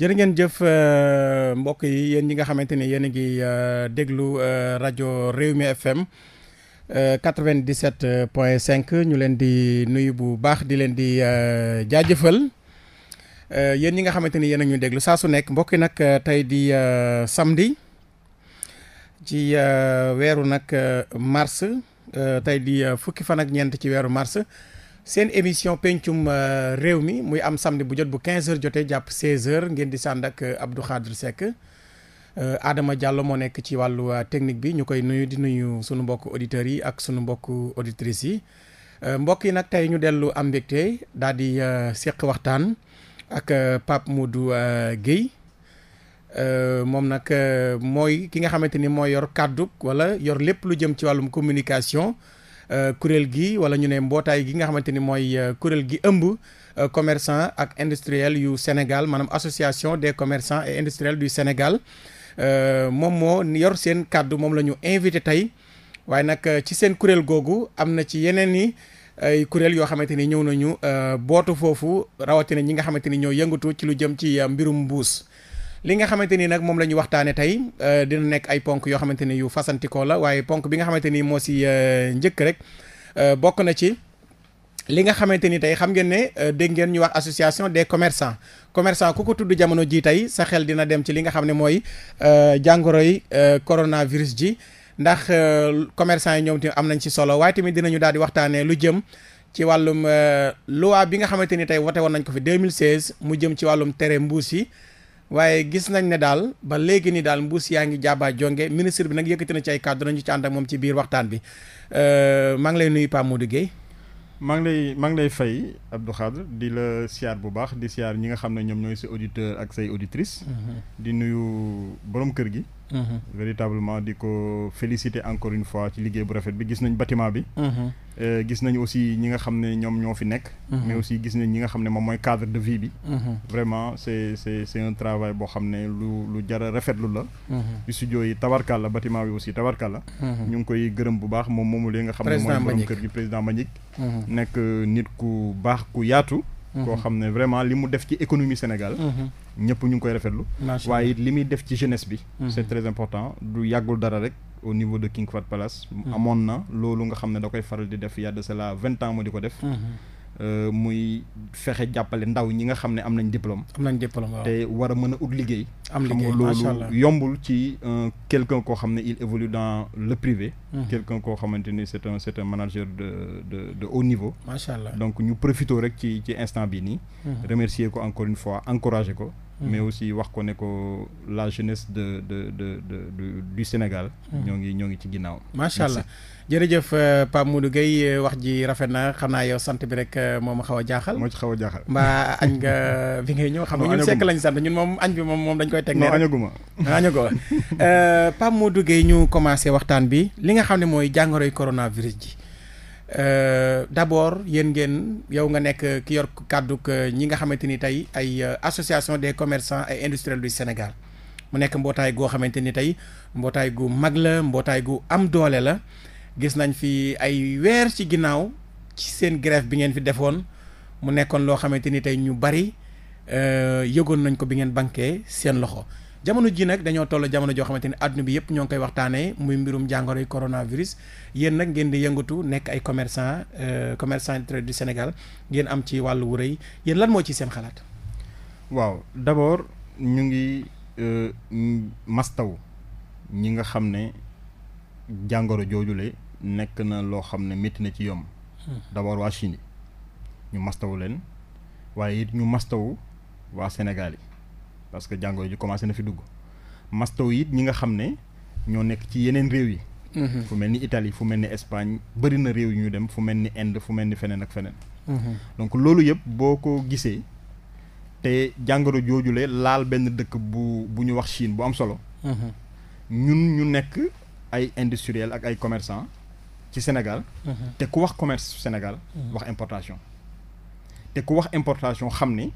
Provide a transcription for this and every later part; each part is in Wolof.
jërë ngeen jëf euh, mbokk yi yéen ñi nga xamante ni yéen a ngi euh, déglu euh, rajo Rewmi FM 97 point 5 ñu leen di nuyu bu baax di leen di jaajëfal yéen yi nga xamante ni yéen a ñu déglu saa su nekk mbokk yi nag tey di samdi ci weeru nag mars tey di fukki fan ak ñeent ci weeru mars. seen émission pencum euh, réew mi muy am samedi bu jot bu 15h jotee jàpp 16h ngeen di sànd ak euh, Abdou Khadre Seck aadama euh, Diallo moo nekk ci wàllu technique bi ñu koy nuyu di nuyu sunu mbokk auditeurs yi ak sunu mbokk auditrices yi mbokk yi nag tey ñu dellu am mbégte daal di seq waxtaan ak Pape Modou Guèye moom nag mooy ki nga xamante ni mooy yor kàddu wala yor lépp lu jëm ci wàllum communication. Euh, kuréel gi wala ñu ne mbootaay gi nga xamante ni mooy euh, kuréel gi ëmb euh, commerçant ak industriel yu Sénégal maanaam association des commerçant et industriels du Sénégal moom moo yor seen kàddu moom la ñu invité tey waaye nag ci seen kuréel googu am na ci yeneen i ay kuréel yoo xamante ni ñëw nañu bootu foofu rawatina ñi nga xamante ni ñoo yëngatu ci lu jëm ci mbirum mbuus. li nga xamante ni nag moom la ñu waxtaanee tey euh, dina nekk ay ponk yoo xamante ni yu fasantikoo la waaye ponk bi nga xamante ni moo si euh, njëkk rek euh, bokk na ci li nga xamante ni tey xam ngeen ne dégg ngeen ñu wax association des commerçants commerçant ku ko tudd jamono ji tey sa xel dina dem ci li nga xam ne mooy jàngoro yi coronavirus ji ndax commerçant yi ñoom tamit am nañ ci solo waaye tamit dinañu daal di waxtaanee lu jëm. ci wàllum loi bi nga xamante ni tey wote woon nañ ko fi 2016 mu jëm ci wàllum tere mbuus yi waaye gis nañ ne daal ba léegi ni daal mbuus yaa ngi jaaba jonge ministre bi nag yëkkati na ci ay kàddu nañu ci ànd moom ci biir waxtaan bi euh, maa ngi lay nuyu Pape Modou Guèye maa ngi lay maa lay fay Abdou Khadre di la siyaar bu baax di siyaar ñi nga xam ne ñoom ñooy si auditeur ak say auditrice mm-hmm. di nuyu borom kër gi Mm-hmm. véritablement di ko féliciter encore une fois ci liggéey bu rafet bi gis nañ batiment bi. Mm-hmm. Eh, gis nañ aussi ñi nga xam ne ñoom ñoo fi nekk. Mm-hmm. mais aussi gis nañ ñi nga xam ne moom mooy cadre de vie bi. vraiment c'est c'est c'est un travail boo xam ne lu lu jara rafetlu la. studio yi tabarkalla bâtiment bi aussi tabarkalla. ñu ngi koy gërëm bu baax moom moom li nga xam ne mooy borom kër gi président Mbagnick nekk euh, nit ku baax ku yaatu. Mm-hmm. koo xam ne vraiment li mu def ci économie Sénégal mm-hmm. ñëpp ñu ngi koy rafetlu waaye li muy def ci jeunesse bi mm-hmm. c'est très important du yàggul dara rek au niveau de King Fahd Palace amoon na loolu nga xam ne da koy faral di def y a de cela vingt ans mu di ko def Euh, muy fexe jàppale ndaw ñi nga xam ne am nañ diplôme. am nañ diplôme te war a mën a ut liggéey. am liggéey macha allah yombul ci euh, quelque koo xam ne il évolue dans le privé. quelqu'un koo xamante ni c'est un c'est un manager de de de haut niveau. macha allah donc ñu profité rek ci ci instant bi nii. remercier ko encore fois encourager ko. mais aussi wax ko ne ko la jeunesse de de de de du Sénégal. ñoo ngi ñoo ngi ci ginnaaw. macha allah. jërëjëf euh, Pape Modou Gueye euh, wax ji rafet na xam naa yow sant bi rek euh, moom ma xaw a jaaxal. moo ci xaw a jaaxal. mbaa añ nga fi ngay ñëw. xam nga lañ sant ñun moom añ bi moom moom dañ koy. teg nee añaguma añaguma Pape Modou Gueye ñu commencé waxtaan bi li nga xam ne mooy jàngoroy coronavirus ji d'abord yéen ngeen yow nga nekk ki yor kàdduk ñi nga xamante ni tey ay association des commerçants ay industriels du Sénégal mu nekk mbootaay goo xamante ni tey mbootaay gu mag la mbootaay gu am doole la. gis nañ fi ay weer ci ginnaaw ci seen grève bi ngeen fi defoon mu nekkoon loo xamante ni tey ñu bari euh, yëgoon nañ ko bi ngeen banqué seen loxo jamono ji nag dañoo toll jamono joo xamante ni àdduna bi yëpp ñoo ngi koy waxtaanee muy mbirum jàngoro jàngoroy coronavirus yéen nag ngeen di yëngatu nekk ay commerçant euh, commerçant du Sénégal ngeen am ci wàllu wu rëy yéen lan moo ci seen xalaat. waaw d'abord ñu ngi euh, mastaw ñi nga xam ne. jàngoro joojule nekk na loo xam ne métti na ci yomb. Hmm. d'abord waa Chine ñu mastawu leen waaye it ñu mastawu waa Sénégal yi parce que jàngoro ji commencé na fi dugg mastawu yit ñi nga xam ne ñoo nekk ci yeneen réew yi. Hmm. fu mel ni Italie fu mel ni Espagne bëri na réew yu ñu dem fu mel ni Inde fu mel ni feneen ak feneen. Hmm. donc loolu yëpp boo ko gisee te jàngoro joojule laal benn dëkk bu bu ñu wax Chine bu am solo. ñun ñu nekk. ay industriel ak ay commerçant ci Sénégal. Mhm. te ku wax commerce Sénégal. Mhm. wax importation. te ku wax importation xam ni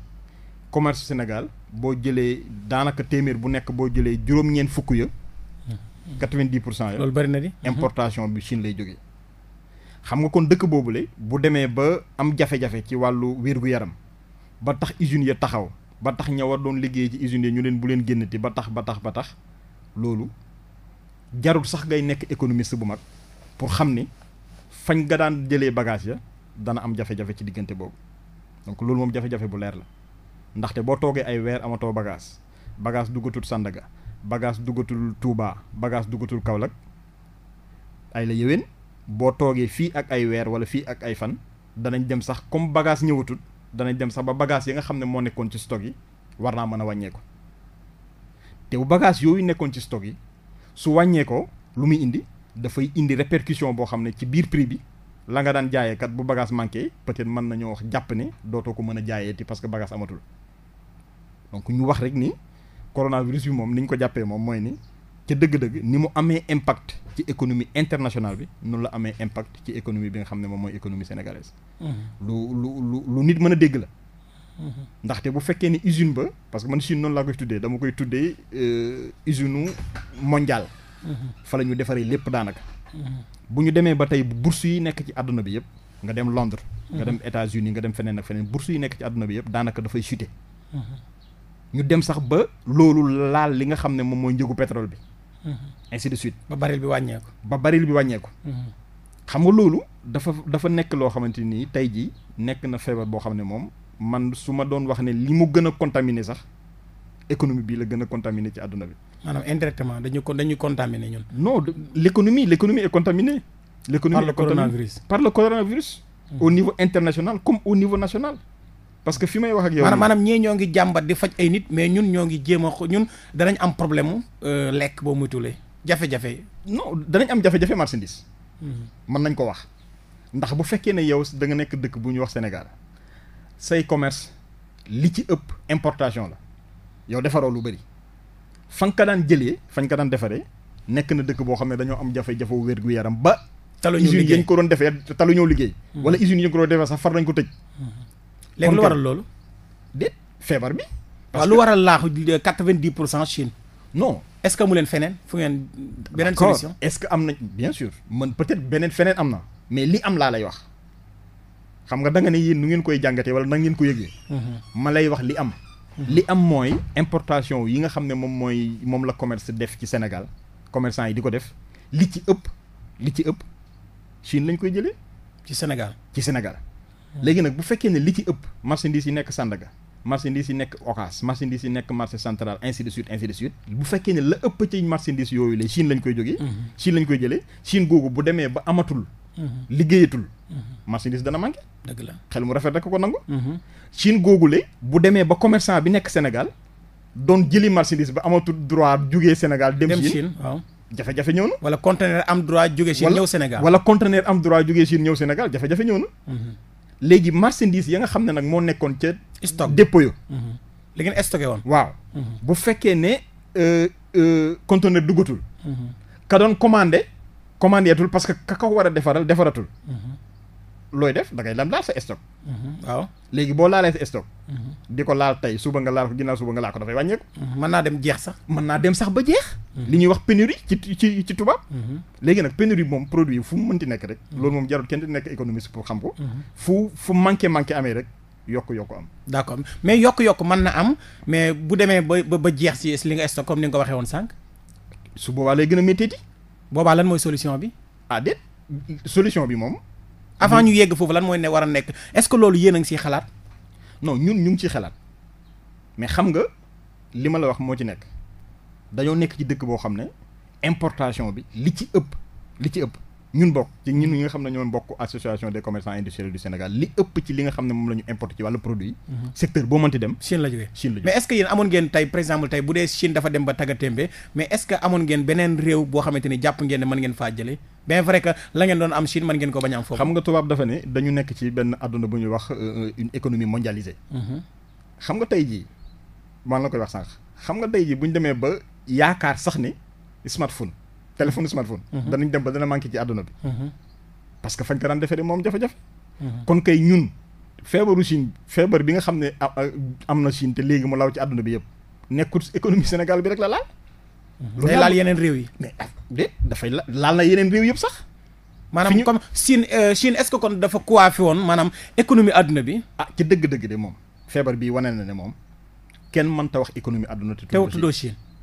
commerce Sénégal boo jëlee daanaka téeméer bu nekk boo jëlee juróom-ñeent fukk ya. Mhm. quatre-vingt-dix pour cent ya. loolu bari na di importation bi Chine lay jóge xam nga kon dëkk boobu boobule bu demee ba am jafe-jafe ci wàllu wér-gu-yaram ba tax usines ya taxaw ba tax ña war doon liggéey ci usines yi ñu leen bu leen génn génnati ba tax ba tax ba tax loolu. jarul sax ngay nekk économiste bu mag pour xam ni fañ nga daan jëlee bagage ya dana am jafe-jafe ci diggante boobu donc loolu moom jafe-jafe bu leer la ndaxte boo toogee ay weer amatoo bagage bagage duggatul Sandaga bagage duggatul Touba bagage duggatul Kaolack ay la yéwén boo toogee fii ak ay weer wala fii ak ay fan danañ dem sax comme bagage ñëwatul danañ dem sax ba bagage yi nga xam ne moo nekkoon ci stock yi war naa mën a wàññeeku te bu bagage yooyu nekkoon ci stock yi su wàññee lu mu indi dafay indi répercussion boo xam ne ci biir prix bi la nga daan jaayee kat bu bagage manqué peut-être mën nañoo wax jàpp ne dootoo ko mën a jaayee ti parce que bagage amatul donc ñu wax rek ni coronavirus bi moom ni ñu ko jàppee moom mooy ni ca dëgg-dëgg ni mu amee impact ci économie international bi noonu la amee impact ci économie bi nga xam ne moom mooy économie sénégalaise. Mmh. lu lu lu lu nit mën a dégg la. ndaxte bu fekkee ni usine ba parce que man Chine noonu laa koy tuddee dama koy tuddee euh, usine mondiale. fa la ñu defaree lépp daanaka. bu ñu demee ba tey bu bourse yi nekk ci àdduna bi yëpp nga dem Londres. nga dem États-Unis nga dem feneen ak feneen bourse yi nekk ci àdduna bi yëpp daanaka dafay chuter. ñu dem sax ba loolu laal li nga xam ne moom mooy njëgu pétrole bi. ainsi de suite. ba baril bi wàññeeku. ba baril bi wàññeeku. xam nga loolu dafa dafa nekk loo xamante ni tey jii nekk na feebar boo xam ne moom. man su ma doon wax ne li mu gën a contaminé sax économie bi la gën a contaminé ci àdduna bi. maanaam indirectement dañu ko dañu contaminé ñun. non l' économie l' économie est contaminée. l' économie par le coronavirus par le coronavirus. Hmm. au niveau international comme au niveau national. parce que fi may wax ak yow. maanaam ñee ñoo ngi jàmbat di faj ay nit mais ñun ñoo ngi jéem a ñun danañ am problème mu. Euh, lekk boo muytulee jafe-jafe. no danañ am jafe-jafe hmm. mën nañ ko wax. ndax bu fekkee ne yow da nga nekk dëkk bu ñuy wax Sénégal. say commerce li ci ëpp importation la yow defaroo lu bëri fan ka daan jëlee fañ ka daan defaree nekk na dëkk boo xam ne dañoo am jafe-jafe wér gu yaram ba. talu ñëw liggéey usines yañ ko doon defee talu ñëw liggéey. Hmm. wala usines yañ ko doon defee sax far nañ ko tëj. Hmm. léegi lu waral loolu. de feebar bi. parce que lu waral laaxu quatre-vingt-dix pour cent Chine. non est-ce que mu leen feneen fu ngeen. beneen solution est-ce que am na bien sûr man peut-être beneen feneen am na mais li am laa lay wax. xam nga danga ne yéen nu ngeen koy jàngatee wala na ngeen ko yëgee. Mhm. ma lay wax li am. Mhm. li am mooy importation yi nga xam ne moom mooy moom la commerce def ci Sénégal commerçant yi di ko def li ci ëpp li ci ëpp Chine lañ koy jëlee. ci Sénégal ci Sénégal. léegi nag bu fekkee ne li ci ëpp marchandise yi nekk Sandaga marchandise yi nekk Ocass marchandise yi nekk marché central ainsi de suite ainsi de suite bu fekkee ne la ëpp yooyu la Chine lañ koy jógee. Mhm. Chine lañ koy jëlee Chine googu bu demee ba amatul. Mhm. liggéeyatul. Mhm. marchandise dana manqué. dëgg la xel mu rafet rekk ko nangu. Mhm. Chine googule bu demee ba commercant bi nekk Sénégal doon jëli marchandise ba amatul droit jugee Sénégal. dem Chine waaw jafe-jafe ñëw na. wala conteneur am droit jugee Chine ñëw Sénégal. wala conteneur am droit jugee Chine ñëw Sénégal jafe-jafe ñëw na. léegi marchandise ya nga xam ne nag moo nekkoon ca. stock dépôt yo li ngeen stocké woon. waaw bu fekkee ne euh, euh, conteneur duggatul. ka doon commandé. commandeetul parce que ka ko war a defaral defaratul. Mhm. looy def da ngay lam laal sa stock. Mhm. waaw léegi boo laalee sa stock. Mhm. di ko laal tey suba nga laal ko ginnaaw suba nga laal ko dafay wàññeeku. mën naa dem jeex sax. mën naa dem sax ba jeex. li ñuy wax pénurie ci ci ci tubaab. léegi nag pénurie moom produit fu mu mënti nekk rek. loolu moom jarul kenn di nekk économiste pour xam ko. fu fu manqué manqué amee rek. yokk-yokk am yokk-yokk mën na am mais bu demee ba ba jeex si li nga stock comme ni nga ko waxee woon sànq. gën a métti boobaa lan mooy solution bi. ah déet solution bi moom. avant ñu yegg foofu lan mooy ne war a nekk est-ce que loolu yéen a ciy xalaat. non ñun ñu ngi ciy xalaat mais xam nga li ma la wax moo ci nekk dañoo nekk ci dëkk boo xam ne importation bi li ci ëpp li ci ëpp. ñun bokk ci ñun nga xam ne ñoo bokk association des commerçants industriels du Sénégal li ëpp ci li nga xam ne moom la ñu importé ci wàllu produit mhm. secteur boo mënti dem Chine la jógee Chine la jógee mais est ce amoon ngeen tey par exemple tey bu dee Chine dafa dem ba tagatémbe mais est amoon ngeen beneen réew boo xamante ni jàpp ngeen ne ngeen faa jëlee bien vrai que la ngeen doon am Chine mën ngeen ko bañ am foofu xam nga tubaab dafa ne dañu euh, mhm. jii maa la koy wax sànq xam nga tey jii ñu demee ba yaakaar sax ni smartphone téléphone smartphone. Mhm. danañ dem ba dana manqué ci àdduna bi. Mhm. parce que fañ ko daan defee moom jafe-jafe. Mhm. kon kay ñun feebaru Chine feebar bi nga xam ne am na Chine te léegi mu law ci àdduna bi yëpp nekkul économie Sénégal bi rek la laal. lu laal yeneen réew yi. Ah, de dafay la laal na yeneen réew yëpp sax. maanaam comme Chine euh, Chine est-ce que kon dafa coiffé woon maanaam économie àdduna bi. ah ci dëgg-dëgg de moom feebar bi wane na ne moom kenn mënta wax économie àdduna. te tuddoo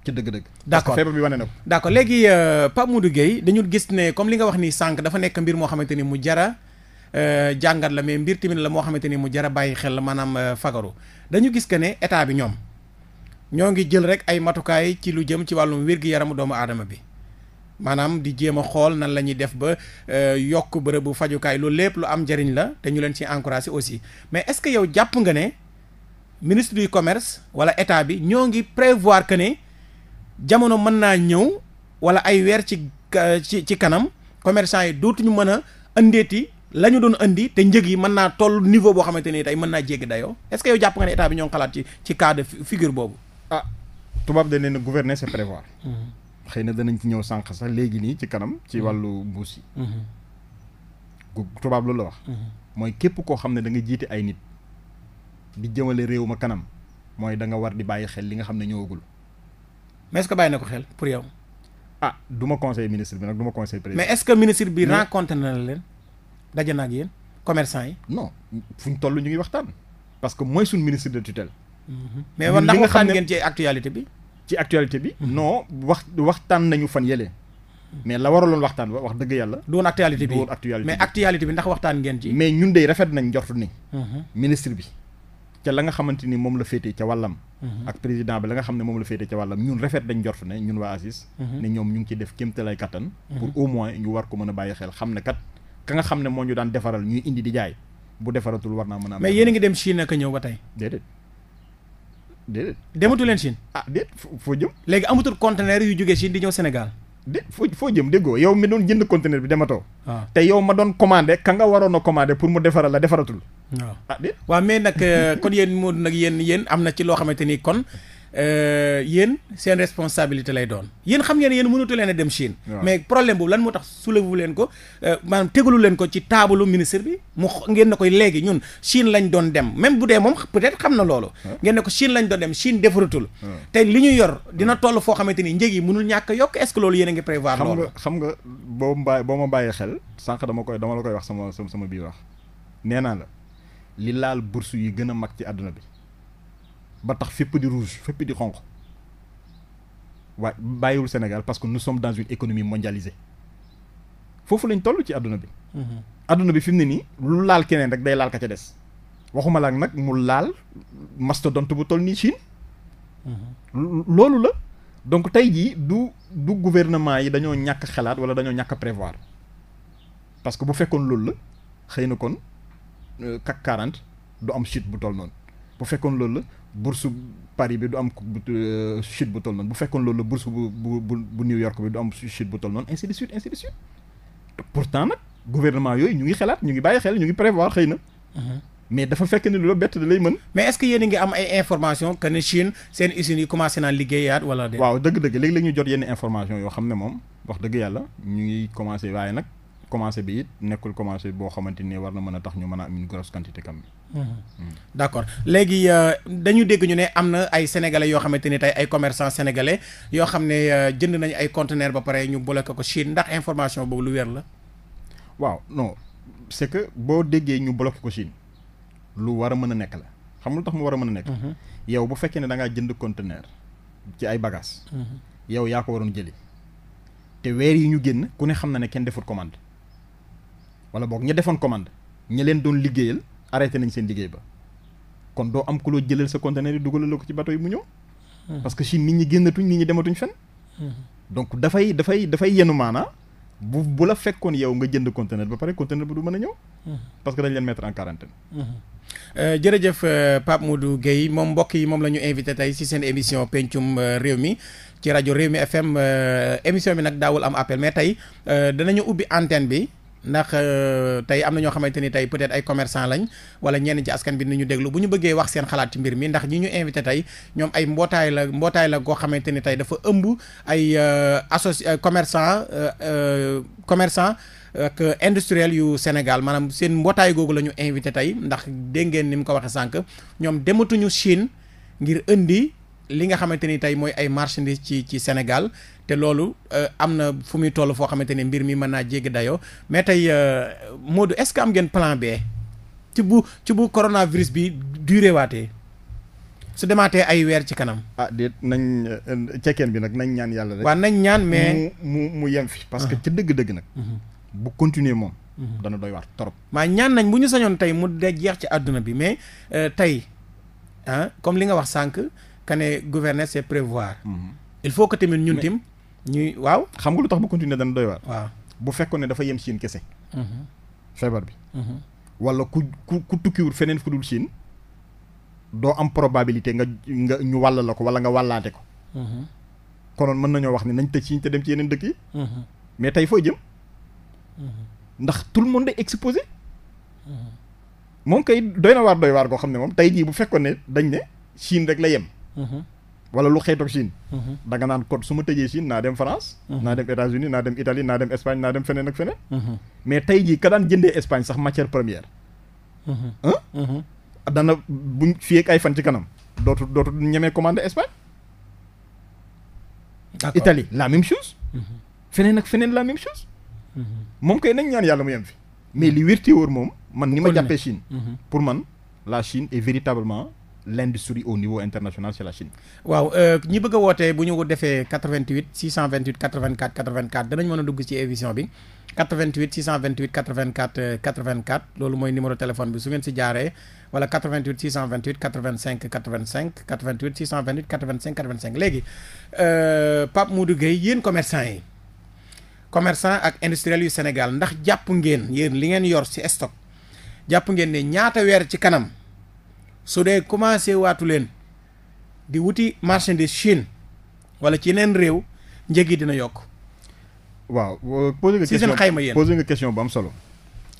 ci dëgg-dëgg. d' accord bi wane na ko. d' accord léegi euh, Pape Modou dañu gis ne comme li nga wax ni sànq dafa nekk mbir moo xamante ni mu jara euh, jàngat la mais mbir tamit la moo xamante ni mu jara bàyyi xel maanaam euh, fagaru dañu gis que ne état bi ñoom ñoo ngi jël rek ay matukaay ci lu jëm ci wàllum wér-gu-yaramu doomu aadama bi. maanaam di jéem a xool nan la ñuy def ba yokk bërëbu fajukaay loolu lépp lu am njëriñ la te ñu leen ci encouragé aussi mais est-ce que yow jàpp nga ne ministre du commerce walla état bi ñoo ngi prévoir que ne. jamono mën naa ñëw wala ay weer ci euh, ci ci kanam commerçant yi dootuñu mën a andeeti la ñu doon indi te njëg yi mën naa toll niveau boo xamante ni tey mën naa jéggi dayoo est-ce que yow jàpp nga ne état bi ñoo xalaat ci ci cas de figure boobu. ah tubaab dañ leen gouverner c'est prévoir. Mm-hmm. xëy na danañ ci ñëw sànq sax léegi nii ci kanam ci mm-hmm. wàllu mbuus yi. Mm-hmm. tubaab loolu la wax. mooy képp koo xam ne da nga jiite ay nit. di jëmale réew ma kanam mooy danga war di bàyyi xel li nga xam ne ñëwagul. mais est ce bàyyi na ko xel pour yow. a ah, du ma conseil ministre bi nag du ma conseil président. mais est ce que ministre bi rencontré na leen daje na ak yéen commerçant yi. no fu ñu toll ñu ngi waxtaan. parce que mooy suñ ministre de tutelle. Mhm. mais war ndax waxtaan ngeen ci actualité bi. ci actualité bi. Mhm. no wax waxtaan nañu fan yële. Mhm. mais la waraloon waxtaan wax dëgg yàlla. doon actualité bi doon actualité bi mais actualité bi ndax waxtaan ngeen ci. mais ñun de rafet nañ njort ni. ministre bi. ca la nga xamante ni moom la féetee ca wàllam mhm. ak président bi la nga xam ne moom la féetee ca wàllam ñun rafet dañ jort ne ñun waa ACIS mhm. ne ñoom ñu ngi ciy def kéemtalaay kattan mhm. pour au moins ñu war ko mën a bàyyi xel xam ne kat ka nga xam ne moo ñu daan defaral ñuy indi di jaay bu defaratul war naa mën a mais yéen a ngi dem Chine ak ñëw ba tey déedéet déedéet dematu leen Chine ah déet foo jëm léegi amatul conteneur yu jógee Chine di ñëw Sénégal de foo foo jëm déggoo yow mi doon jënd conteneur bi dematoo. Ah. te yow ma doon commandé ka nga waroon a commandé pour mu defaral la defaratul. waaw ah. ah déet. waaw mais nag euh, kon yéen moo nag yéen yéen am na ci loo xamante ni kon. Euh, yéen seen responsabilité lay doon yéen xam ngeen yéen mënatu leen a dem Chine. mais problème boobu lan moo tax soulevu leen ko euh, maanaam tegalu leen ko ci taabalu ministre bi mu ngeen na koy léegi ñun Chine lañ doon dem même bu dee moom peut-être xam na loolu. ngeen ne ko Chine lañ doon dem Chine defaratul. te li ñu yor dina toll foo xamante ni njëg yi mënul ñàkk yokk est-ce que loolu yéen ngi prévoir. loolu xam nga xam nga boo mbaay boo ma bàyyi xel sànq dama koy dama la koy wax sama sama biir wax nee naa la li laal bourse yi gën a mag ci àdduna bi ba tax fépp di rouge fépp di xonq waaye bàyyiwul Sénégal parce que nous sommes dans une économie mondialisée foofu lañ toll ci àdduna bi. àdduna mm-hmm. bi fi mu ne nii lu laal keneen rek day laal ka ca des waxuma la nag mu laal mastodonte bu toll nii Chine. Mm-hmm. loolu la donc tey jii du du gouvernement yi dañoo ñàkk xalaat wala dañoo ñàkk prévoir parce que bu fekkoon loolu la xëy na kon euh, CAC 40 du am chute bu toll noonu bu fekkoon loolu la. bourse Paris bi du am chute euh, bu toll noonu bu fekkoon loolu la bu bu bu New York bi du am chute bu toll noonu ainsi de suite ainsi nag gouvernement yooyu ñu ngi xalaat ñu ngi bàyyi xel ñu ngi prévoir xëy na. Uh-huh. mais dafa fekk ni loolu bett da lay mën. mais est-ce a ngi am ay information que ne Chine seen usines yi commencé naan liggéeyaat wala. waaw dëgg-dëgg léegi la ñu jot yenn information yoo xam ne moom wax dëgg yàlla ñu ngi commencé waaye nag. commencé bi it nekkul commencé boo xamante ni war na mën a tax ñu mën a am une grosse quantité kam d' accord léegi euh, dañu dégg ñu ne am na ay sénégalais yoo xam xamante ni tey ay commerçant sénégalais yoo xam ne euh, jënd nañu ay conteneur ba pare ñu bloqué ko Chine ndax information boobu lu wér la. waaw no c' que boo déggee ñu bloqué ko Chine lu war a mën a nekk la xam lu tax mu war a mën a nekk. Mm-hmm. yow bu fekkee ne da ngaa jënd conteneur ci ay bagages. Mm-hmm. yow yaa ko waroon jëli wala boog ña defoon commande ña leen doon liggéeyal arrêté nañ seen liggéey ba kon doo am ku loo jëlal sa conteneur yi dugalal la ko ci bato yi mu ñëw. Hmm. parce que Chine nit ñi génnatuñ nit ñi dematuñ fen hmm. donc dafay dafay dafay yenu maanaa bu bu la fekkoon yow nga jënd conteneur ba pare conteneur bu du mën a ñëw. Hmm. parce que dañ leen mettre en quarantaine. Euh, jërëjëf euh, Pape Modou géey moom mbokk yi moom la ñu invité tey ci seen émission pencum euh, réew mi ci rajo Réew mi FM émission bi nag daawul am appel mais tey danañu ubbi antenne bi. ndax euh, tey am na ñoo xamante ni tey peut-être ay commerçant lañ wala ñenn ci askan bi ni ñu déglu bu ñu bëggee wax seen xalaat ci mbir mi ndax ñi ñu invité tey ñoom ay mbootaay la mbootaay la goo xamante ni tey dafa ëmb ay euh, associ commerçant euh, commerçant ak industriel yu Sénégal maanaam seen mbootaay googu la ñu invité tey ndax dégg ngeen ni mu ko waxee sànq ñoom dematuñu Chine ngir indi li nga xamante ni tey mooy ay marchandises ci ci Sénégal te loolu euh, am na fu muy toll foo xamante ne mbir mi mën naa jéggi dayoo mais tey euh, Modou est-ce que am ngeen plan B ci bu ci bu coronavirus bi duré waatee su demaatee ay weer ci kanam. ah déet nañ euh, cekkeen bi nag nañ ñaan yàlla rek. waaw nañ ñaan mais mu mu yem fi. parce que ah. ci dëgg-dëgg nag. Mhm. bu continuer moom. Mhm. dana doy waar trop. maa ñaan nañ bu ñu sañoon tey mu de jeex ci àdduna bi mais tey ah comme li nga wax sànq que ne gouverner c'est prévoir. Mhm. il faut que tamit ñun tim ñuy waaw xam nga lu tax ba continuer dana doy waar. waaw bu fekkoon ne dafa yem Chine kese. Mm-hmm. feebar bi. Mm-hmm. wala ku ku ku tukkiwul feneen fu dul Chine doo am probabilité nga nga ñu wàll la ko wala nga wàllaate ko. Mm-hmm. konoon mën nañoo wax ni nañ te Chine te dem ci yeneen dëkk yi. mais tey foo jëm. ndax tout le monde est exposé. moom kay doy na waar doy waar goo xam ne moom tey jii bu fekkoon ne dañ ne Chine rek la yem. wala lu xeetoog Chine. Mhm. da nga naan code su ma tëjee Chine naa dem France. Mhm. naa dem États-Unis naa dem Italie naa dem Espagne naa dem feneen ak feneen. Mhm. mais tey jii ka daan jëndee Espagne sax matière première. dana buñ fii ak ay fan ci kanam dootu dootu ñemee commandé Espagne. Italie la même chose. feneen ak feneen la même chose. moom kay nañ ñaan yàlla mu yem fi. mais li wér te moom man ni ma jàppee Chine. pour man la Chine et véritablement. l'industrie au niveau international c'est la Chine. waaw euh, ñi bëgg a wootee bu ñu defee 88 628 84 84 danañ mën a dugg ci émission bi 88 628 84 84 loolu mooy numéro téléphone bi su ngeen si jaaree wala 88 628 85 85 88 628 85 85 léegi euh, Pape Modou Gueye yéen commerçant yi commerçant ak industriel yu Sénégal ndax jàpp ngeen yéen li ngeen yor si stock jàpp ngeen ne ñaata weer ci kanam. su dee commencé waatu leen di wuti marchandise Chine wala ci yeneen réew njëg yi dina yokk. waaw euh, posé nga. si seen xayma yéen posé question bu am solo.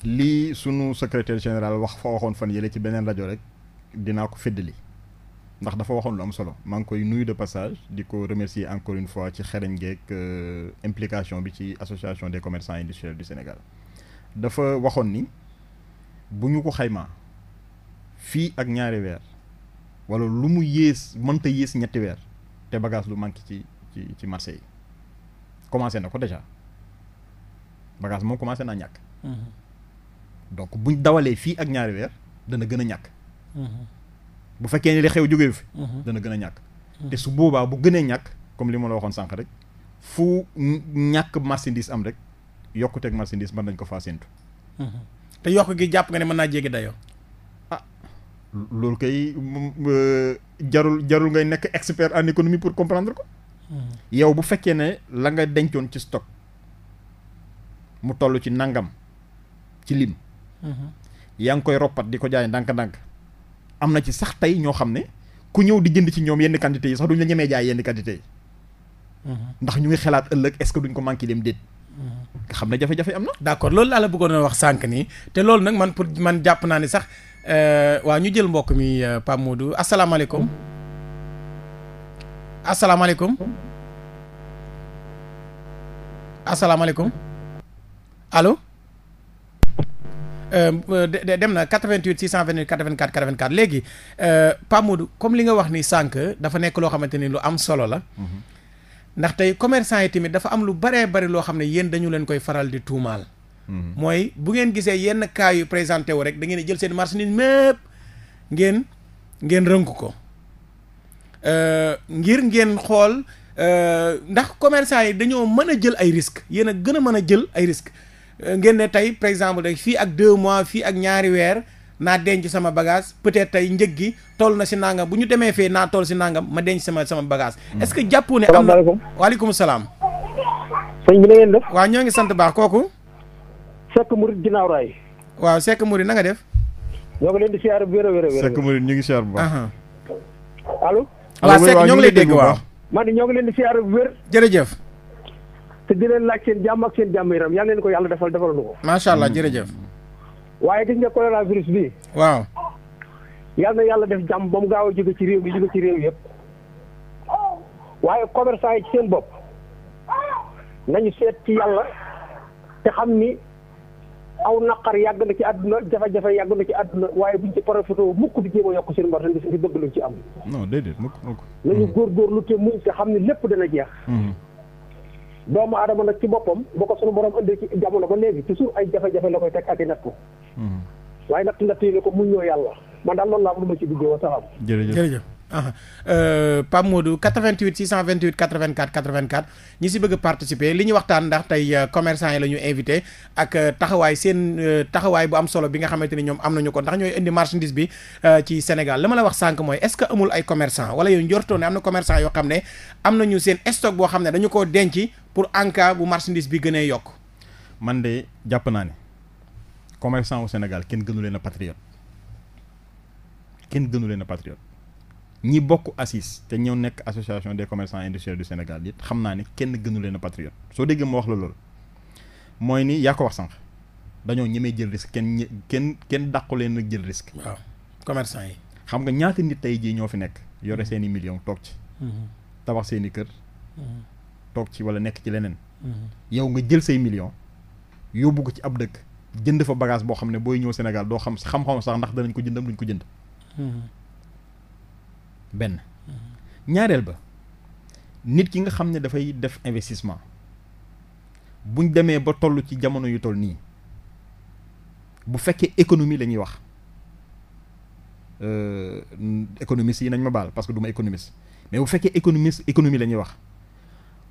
lii sunu secretaire général wax fa waxoon fan yële ci beneen rajo rek dinaa ko féddali ndax dafa waxoon lu am solo maa ngi koy nuyu de passage di ko remercier encore une fois ci xereñ geeg euh, implication bi ci association des commerçants industriels du Sénégal dafa waxoon ni bu ñu ko xaymaa. fii ak ñaari weer wala lu mu yées mënta yées ñetti weer te bagage lu manqué ci ci ci marché yi commencé na ko déjà bagage moom commencé naa ñàkk. Mm-hmm. donc buñ dawalee fii ak ñaari weer dana gën a ñàkk. Mm-hmm. bu fekkee ni li xew jógee fi. Mm-hmm. dana gën a ñàkk. te su boobaa bu gënee ñàkk comme li ma la waxoon sànq rek fu ñàkk marchandise am rek yokkuteeg marchandise man nañ ko faa séntu. te yokk gi jàpp nga ne mën naa jege dayoo. loolu kay mm, euh, jarul jarul ngay nekk expert en économie pour comprendre ko. Hmm. yow bu fekkee ne la nga dencoon ci stock mu toll ci nangam ci lim. Hmm. yaa ngi koy roppat di ko jaay ndànk-ndànk. am na ci sax tey ñoo xam ne ku ñëw di jënd ci ñoom yenn quantité yi sax duñ la ñemee jaay yenn quantité yi. Hmm. ndax ñu ngi xalaat ëllëg est-ce que duñ ko manqué dem déet. nga xam ne jafe-jafe am na. d'accord loolu daal la bëggoon a wax sànq nii te loolu nag man pour man jàpp naa ni sax. Euh, waaw ñu jël mbokk mi euh, Pape Modou asalaamaaleykum asalaamaaleykum asalaamaaleykum allo euh, dem na 88 628 84 84 léegi Pape Modou comme li nga wax ni sànq dafa nekk loo xamante ni lu am solo la mhm. ndax tey commerçant yi tamit dafa am lu baree bari loo xam ne yéen dañu leen koy faral di tuumaal mooy bu ngeen gisee yenn cas yu présenté wu rek da ngeen jël seen marchandise mépp ngeen ngeen rënk ko euh, ngir ngeen xool euh, ndax commerçant yi dañoo mën a jël ay risques yéen a gën a mën a jël ay risques euh, ngeen ne tey par exemple rek fii ak deux mois fii ak ñaari weer naa denc sama bagage peut-être tey njëg gi toll na si nangam bu ñu demee fee naa toll si nangam ma denc sama sama bagage. Hmm. est-ce que jàppu ne am na waaleykum salaam. sëñ ñoo ngi sant baax kooku. Seck Mouride ginnaaw raay. waaw Seck Mouride na nga def. ñoo ngi leen di siyaar bu wér a wér a wér. Seck Mouride ñu ngi siyaar bu baax. allo. allo Seck ñoo ngi lay dégg waaw. man ñoo ngi leen di siyaar bu wér. jërëjëf. te di leen laaj seen jàmm ak seen jàmm yaram yal leen ko yàlla defal defal nu ko. macha allah jërëjëf. waaye gis nga coronavirus bi. waaw. yal na yàlla def jàmm ba mu gaaw a jóge ci réew mi jóge ci réew yëpp. waaye commerçant yi ci seen bopp. nañu seet ci yàlla te xam ni aw naqar yàgg na ci àdduna jafe-jafe yàgg na ci àdduna waaye buñ ci profité mukk di jéem a yokk seen mbar te di bëgg luñ ci am. non góor góor lu te muñ te xam ne lépp dana jeex. Mm-hmm. doomu adama nag ci boppam boo ko sunu borom ëndee ci jamono ba léegi toujours ay jafe-jafe la koy teg ak i natt. Mm-hmm. waaye natt natt yi ne ko muñ ñoo yàlla man daal loolu laa am lu ma ci duggee wa salaam. jërëjëf jërëjëf. du euh, Pape Modou 88 628 84 84 ñi si bëgg a participer li ñu waxtaan ndax tey euh, commerçant yi la ñu invité ak euh, taxawaay seen taxawaay bu am solo bi nga xamante ni ñoom am nañu ko ndax ñooy indi marchandise bi ci Sénégal li ma la wax sànq mooy est-ce que amul ay commerçant wala yow njortoo ne am na commerçant yoo xam ne am na ñu seen stock boo xam ne dañu ko denc pour en bu marchandise bi gën a yokk. man de jàpp naa ne commerçant au Sénégal kenn gënu leen a patriote kenn gënu leen a patriote. ñi bokk ACIS te ñëw nekk association des commerçants industriels du Sénégal it xam naa ne kenn gënu leen a patriote soo déggee ma wax la loolu mooy nii yaa ko wax sànq dañoo ñemee jël risque kenn kenn kenn dàqu leen nag jël risque. waaw commerçant yi. xam nga ñaata nit tey jii ñoo fi nekk yore mm-hmm. seen i millions toog ci. Mm-hmm. tabax seen i kër. Mm-hmm. toog ci wala nekk ci leneen. yow nga jël say million yóbbu ko ci ab dëkk jënd fa bagage boo xam ne booy ñëw Sénégal doo xam xam-xam sax ndax danañ ko jëndam duñ ko jënd. benn ñaareel ba nit ki nga xam ne dafay def investissement buñ demee ba toll ci jamono yu toll nii bu fekkee économie la ñuy wax euh, économistes yi nañ ma parce que du ma mais bu fekkee économiste économie la ñuy wax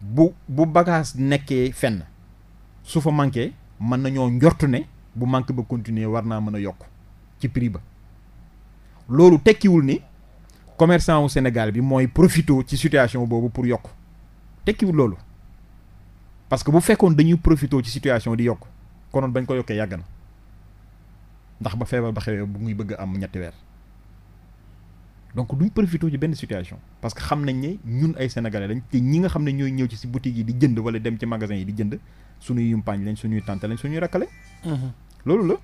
bu bu bagage nekkee fenn su fa manqué mën nañoo njort ne bu manque ba continuer war naa mën a yokk ci prix ba loolu tekkiwul ni commerçant wu Sénégal bi mooy profito ci situation boobu pour yokk tekkiwul loolu parce que bu fekkoon dañuy profito ci situation di yokk konoon bañ ko yokkee yàgg na ndax ba feebar ba xewee bu muy bëgg am ñetti weer donc duñ profito ci benn situation parce que xam nañ ne ñun ay sénégalais lañ te ñi nga xam ne ñooy ñëw ci si boutique yi di jënd wala dem ci magasin yi di jënd suñuy yumpaañ lañ suñuy tante lañ suñuy rakkale. Mm-hmm. loolu la.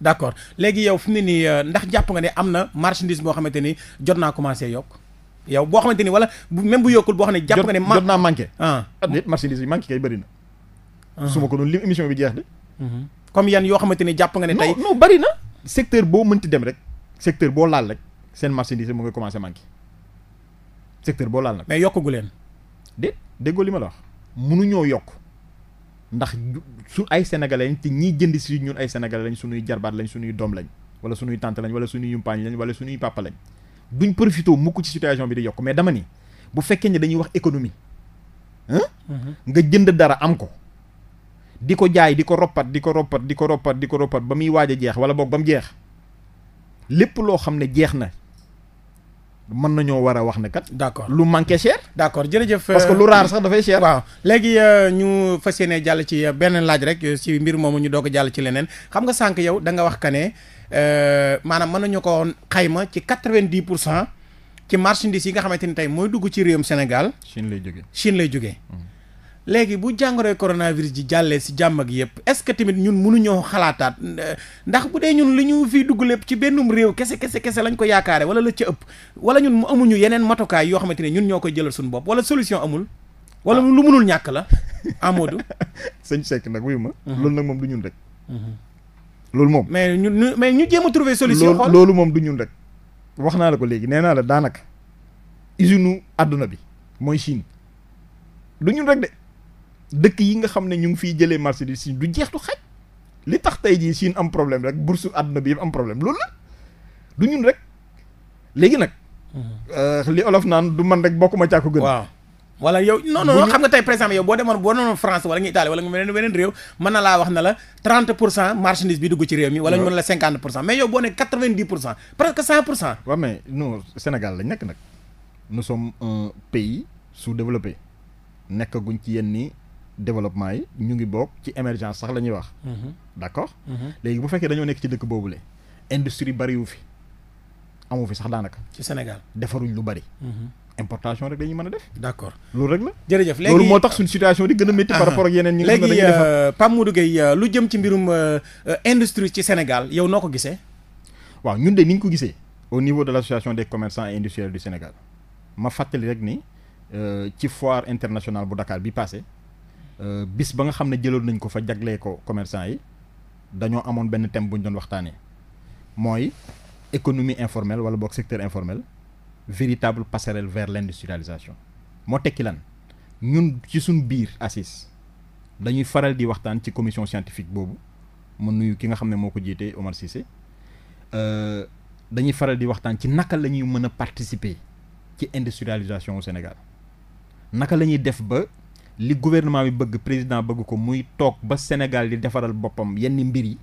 d' accord léegi yow fi mu ne nii euh, ndax jàpp nga ne am na marchandise boo xamante ni jot naa commencé yokk yow boo xamante ni wala même bu yokkul boo xam ne jàpp nga ne jot naa manqué ah, ah déet manqué kay bëri na ah. su ma ko émission bi jeex de mhm. comme yan yoo xamante ni jàpp nga ne tey non bëri na secteur boo mënti dem rek secteur boo laal rek seen marchandise mu ngi commencé manqué secteur boo laal nag mais yokku gu leen déet déggoo li ma la wax mënuñoo yokk ndax su ay sénégalais lañ te ñiy jënd si ñun ay sénégalais lañ suñuy jarbaat lañ suñuy doom lañ wala suñuy tante lañ wala suñuy yumpaañ lañ wala suñuy papa lañ duñ profité mukk ci situation bi di yokk mais dama ni bu fekkee ne dañuy wax économie mm-hmm. nga jënd dara am ko di ko jaay di ko roppat di ko roppat di ko roppat di ko roppat ba muy waaj a jeex wala boog ba mu jeex lépp loo xam ne jeex na mën nañoo war a wax ne kat. d' accord lu manqué cher. d' accord jërëjëf. parce que euh, lu raar sax dafay cher. waaw léegi euh, ñu fas yéene jàll ci euh, benn laaj rek ci mbir moomu ñu doog a jàll ci leneen xam nga sànq yow da nga wax ka ne maanaam mën nañu ko xayma ci quatre vingt dix pour cent ci marchandise yi nga xamante ni tey mooy dugg ci réewum Sénégal. Chine lay jógee Chine lay jógee. Hmm. léegi bu jàngoroy coronavirus ji jàllee si jàmm ak yëpp est-ce que tamit ñun mënuñoo xalaataat ndax bu dee ñun li ñu fiy dugg lépp ci bennum réew kese kese kese lañ ko yaakaare wala la ca ëpp wala ñun mu amuñu yeneen matukaay yoo xamante ne ñun ñoo ko jëlal suñu bopp wala solution amul. wala ah. lu munul ñàkk la Amadou. sëñ Seck nag wuyu ma. Mhm. loolu nag moom du ñun rek. Mhm. loolu moom. mais ñun mais ñu jéem a trouver solution. xool loolu moom du ñun rek. wax naa la ko léegi nee naa la daanaka usine u àdduna bi mooy Chine du ñun rek de. dëkk yi nga xam ne ñu ngi fiy jëlee di Chine du jeex du xaj li tax tey jii Chine am problème rek bourse àdduna bi yëpp am problème loolu la du ñun rek léegi nag. Mm-hmm. li olof naan du man rek bokkuma caa ko gën. waaw wala yow. non non xam nga tey par boo demoon boo France wala nga wala nga beneen beneen réew mën na wax na la 30 pour cent marchandise bi dugg ci réew mi. wala ñu mën la 50 pour cent mais yow boo ne 90 pour cent presque 100 pour cent. waaw mais Sénégal lañ nekk nag nous sommes un pays sous-développé nekkaguñ ci yenn nii développement yi ñu ngi bokk ci émergence sax la ñuy wax. Mhm. d'accord. Mhm. léegi bu fekkee dañoo nekk ci dëkk boobule. industrie bariwu fi amu fi sax daanaka. ci Sénégal defaruñ lu bari. Mhm. importation rek dañu mën a def. d'accord loolu rek la. jërëjëf léegi moo tax suñu situation di gën a métti. par ah, rapport ak yeneen ñi nga xam ne dañuy defar euh, euh, lu jëm ci mbirum euh, industrie ci Sénégal yow noo ko gisee. waaw ñun de ni ñu ko gisee. au niveau de l'association des commerçants et industriels du Sénégal ma fàttali rek ni ci foire internationale bu Dakar bi Euh, bis ba nga xam ne jëloon nañ ko fa jaglee ko commerçant yi dañoo amoon benn thème bu doon waxtaanee mooy économie informelle wala boog secteur informel véritable passerelle vers l'industrialisation moo tekki lan ñun ci suñ biir ACIS dañuy faral di waxtaan ci commission scientifique boobu mu nuyu ki nga xam ne moo ko jiite Omar Cissé euh, dañuy faral di waxtaan ci naka la ñuy mën a participer ci industrialisation Sénégal naka la def ba. li gouvernement bi bëgg président bëgg ko muy toog ba Sénégal di defaral boppam yenn mbir yi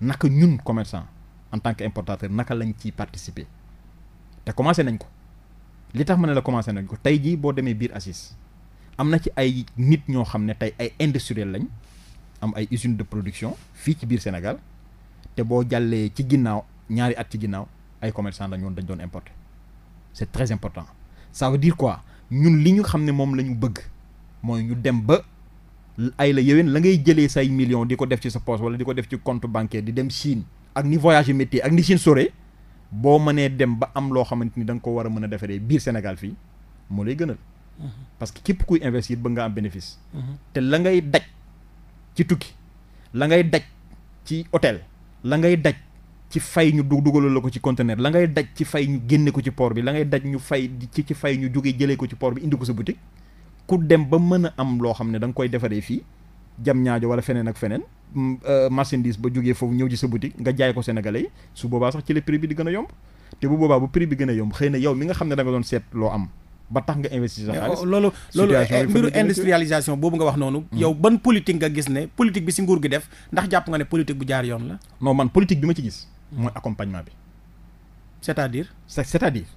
naka ñun commerçant en tant que importateur naka lañ ciy participer te commencé nañ ko li tax mën ne la commencé nañ ko tey jii boo demee biir assis am na ci ay nit ñoo xam ne tey ay industriel lañ am ay usine de production fii ci biir Sénégal te boo jàllee ci ginnaaw ñaari at ci ginnaaw ay commerçant lañ woon dañ doon importer c'est très important ça veut dire quoi ñun li ñu xam ne moom la ñu bëgg. mooy ñu dem ba ay la yéwén la ngay jëlee say millions di ko def ci sa poche wala di ko def ci compte bancaire di dem Chine ak ni voyage métier ak ni Chine sore boo mënee dem ba am loo xamante ni da nga ko war a mën a defaree biir Sénégal fii moo lay gënal. Mm-hmm. parce que képp kuy investir ba nga am bénéfice. Mm-hmm. te la ngay daj ci tukki la ngay daj ci hôtel la ngay daj. ci fay ñu dug dugalal la ko ci conteneur la ngay daj ci fay ñu génne ko ci port bi la ngay daj ñu fay ci ci fay ñu jóge jëlee ko ci port bi indi ko sa boutique ku dem ba mën a am loo xam ne danga koy defaree fii jam ñaajo wala feneen ak feneen euh, marchandise ba jógee foofu ñëw ci sa boutique nga jaay ko sénégalais yi su boobaa sax ci la prix bi di gën a yomb te bu boobaa bu prix bi gën a yomb xëy na yow mi nga xam ne da nga doon seet loo am ba tax nga investir sa xaalis oh, loolu loolu eh, mbiru industrialisation boobu nga wax noonu hmm. yow ban politique nga gis ne politique bi si nguur gi def ndax jàpp nga ne politique bu jaar yoon la non man politique bi ma gis mooy accompagnement bi c'est-à-dire c'est-à-dire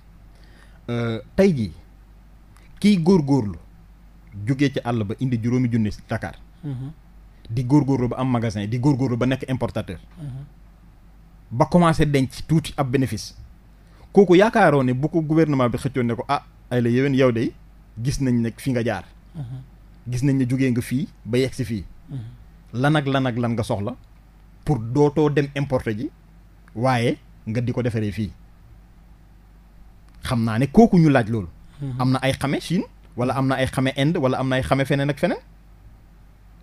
euh, tey jii jóge ci àll ba indi juróomi junni Dakar. di góor góorgóorlu ba am magasin di góorgóorlu ba nekk importateur. ba commencé denc tuuti ab bénéfice. kooku yaakaaroo ne bu ko gouvernement bi xëccoon ne ko ah ay la yéwén yow de gis nañ ne fi nga jaar. gis nañ ne jugee nga fii ba yegg si fii. lan ak lan ak lan nga soxla pour dootoo dem importe ji waaye nga di ko defaree fii xam naa ne kooku ñu laaj loolu. am na ay xame Chine. wala am na ay xame Inde wala am na ay xame feneen ak feneen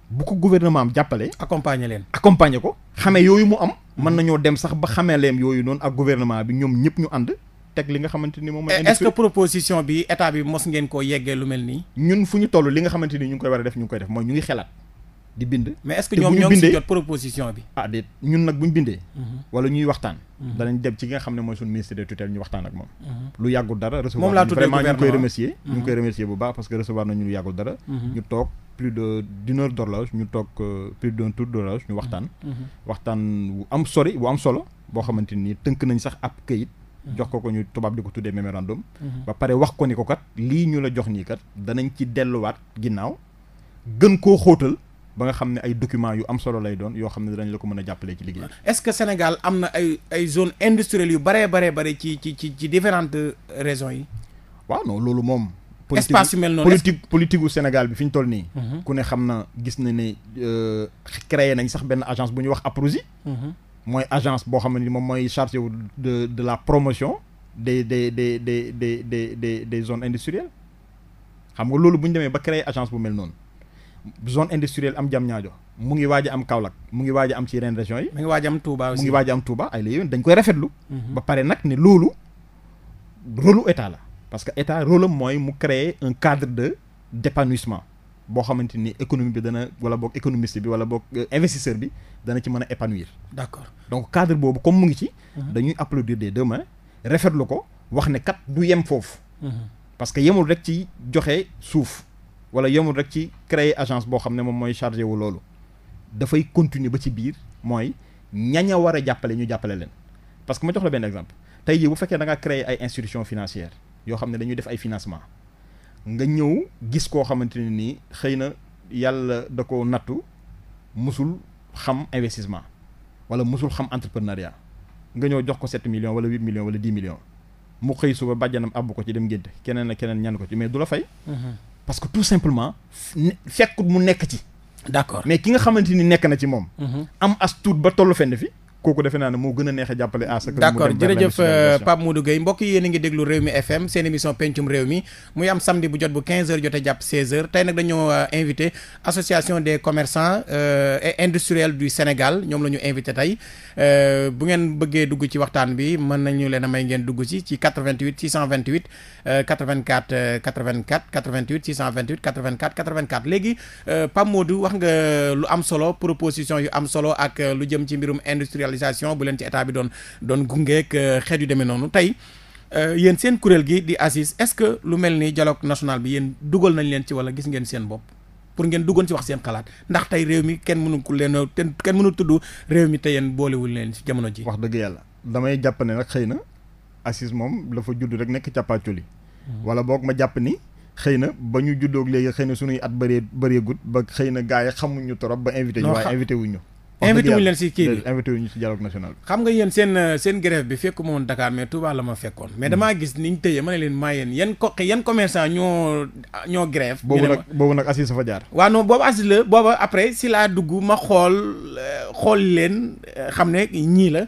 bu ko gouvernement am jàppale. accompagner leen accompagner ko. xame yooyu mu am. mën nañoo dem sax ba xamee leen yooyu noonu ak gouvernement bi ñoom ñëpp ñu ànd. teg li nga xamante ni moom mooy. Eh, est-ce que proposition bi état bi mos ngeen koo yeggee lu mel nii. ñun fu ñu toll li nga xamante ni ñu ngi koy war a def ñu ngi koy def mooy ñu ngi xelaat. di bind. mais est-ce que ñoom ñoo ngi si jot proposition bi. ah déet ñun nag bu ñu bindee. Mhm. wala ñuy waxtaan. Mhm. danañ dem ci nga xam ne mooy suñu ministre tutelle ñu waxtaan ak moom. Mhm. lu yàggul dara. moom laa tuddee vraiment ñu toog plus de d'une heure ñu toog euh, plus d'un tour d'horloge ñu waxtaan. waxtaan wu am sori wu am solo boo xamante ni tënk nañ sax ab këyit. jox ko ko ñu tubaab di ko tuddee mémorandum. ba pare wax ko ni ko kat lii ñu la jox nii kat danañ ci delluwaat ginnaaw gën koo xóotal ba nga xam ne ay documents yu am solo lay doon yoo xam ne dañ la ko mën a jàppale ci liggéey est-ce que Sénégal am na ay ay zone industrielle yu baree baree bare ci ci ci ci différentes euh, régions yi waaw non loolu moom espace yu mel noonu politique politique gu Sénégal bi fi ñu toll nii mhm. ku ne xam na gis na ne euh, créé nañ sax benn agence bu ñuy wax APROSI mhm. mooy agence boo xam ne moom mooy chargé wu de de la promotion des des de de des des des zones industrielles xam nga loolu bu ñu demee ba créer agence bu mel noonu zone industrielle am jam ñaajo mu ngi waaj am Kaolack mu ngi waaj am ci ren régions yi. mu ngi waaj am Touba aussi mu ngi waaj am Touba ay léegi dañ koy rafetlu. Mhm. ba pare nag ne loolu rôle état la. parce que état rôle mooy mu créer un cadre de d'épanouissement boo xamante ni économie bi dana wala boog économiste bi wala boog euh, investisseur bi dana ci mën a épanouir. d'accord donc cadre boobu comme mu ngi ci. Mhm. dañuy applaudir de deux mains rafetlu ko wax ne kat du yem foofu. Mhm. wala yemul rek ci créer agence boo xam ne moom mooy chargé wu loolu dafay continuer ba ci biir mooy ñaña war a jàppale ñu jàppale leen parce que ma jox la benn exemple tey jii bu fekkee da ngaa créer ay institution financière yoo xam ne dañuy def ay financement nga ñëw gis koo xamante ne nii xëy na yàlla da ko nattu musul xam investissement wala musul xam entrepreneuriat nga ñëw jox ko set millions wala huit millions wala dix millions mu xëy suba bàjjanam àbb ko ci dem génte keneen na keneen ñan ko ci mais du fay mm-hmm. parce que tout simplement fekkut mu nekk ci d'accord mais ki nga xamante ni nekk na ci moom mhm. am as tuut ba tollu fenn fi kooku defe naa ne moo gën a neex jàppale à ce que d'accord jërëjëf Pape Modou mbokk yi a ngi déglu réew mi FM seen émission pencum réew mi muy am samedi bu jot bu 15h jotee jàpp 16h tey nag dañoo euh, invité association des commerçants euh, et industriels du Sénégal ñoom la ñu invité tey euh, bu ngeen bëggee dugg ci waxtaan bi mën nañu leen a may ngeen dugg ci ci 88 628 84 84 88 628 84 84 léegi Pape Modou wax nga lu am solo proposition yu am solo ak lu jëm ci mbirum industriel décentralisation bu leen ci état bi doon doon gungeek euh, xeet yu demee noonu tey euh, yéen seen kuréel gi di ACIS est-ce que lu mel ni dialogue national bi yéen dugal nañ leen ci walla gis ngeen seen bopp pour ngeen duggoon ci wax seen xalaat ndax tey réew mi kenn mënu ku leen kenn mënul tudd réew mi te yéen boolewul leen ci jamono ji. wax dëgg yàlla damay jàpp ne nag xëy na ACIS moom dafa judd rek nekk càppaaculi hmm. wala boog ma jàpp ni xëy na ba ñu juddoog léegi xëy na suñuy at bëree bëreegut ba xëy na gars yi xamuñu trop ba invité ñu invité wuñu leen si kii bi invité wuñu si dialogue national bi xam nga yéen seen euh, seen grève bi fekku ma woon Dakar mais Touba la ma fekkoon mais damaa gis niñ tëye ma ne leen maa yéen yan ko yan commerçant ñoo ñoo grève boobu nag boobu nag assise fa jaar waaw non boobu assise la booba après si laa dugg ma xool euh, xool leen euh, xam ne ñii la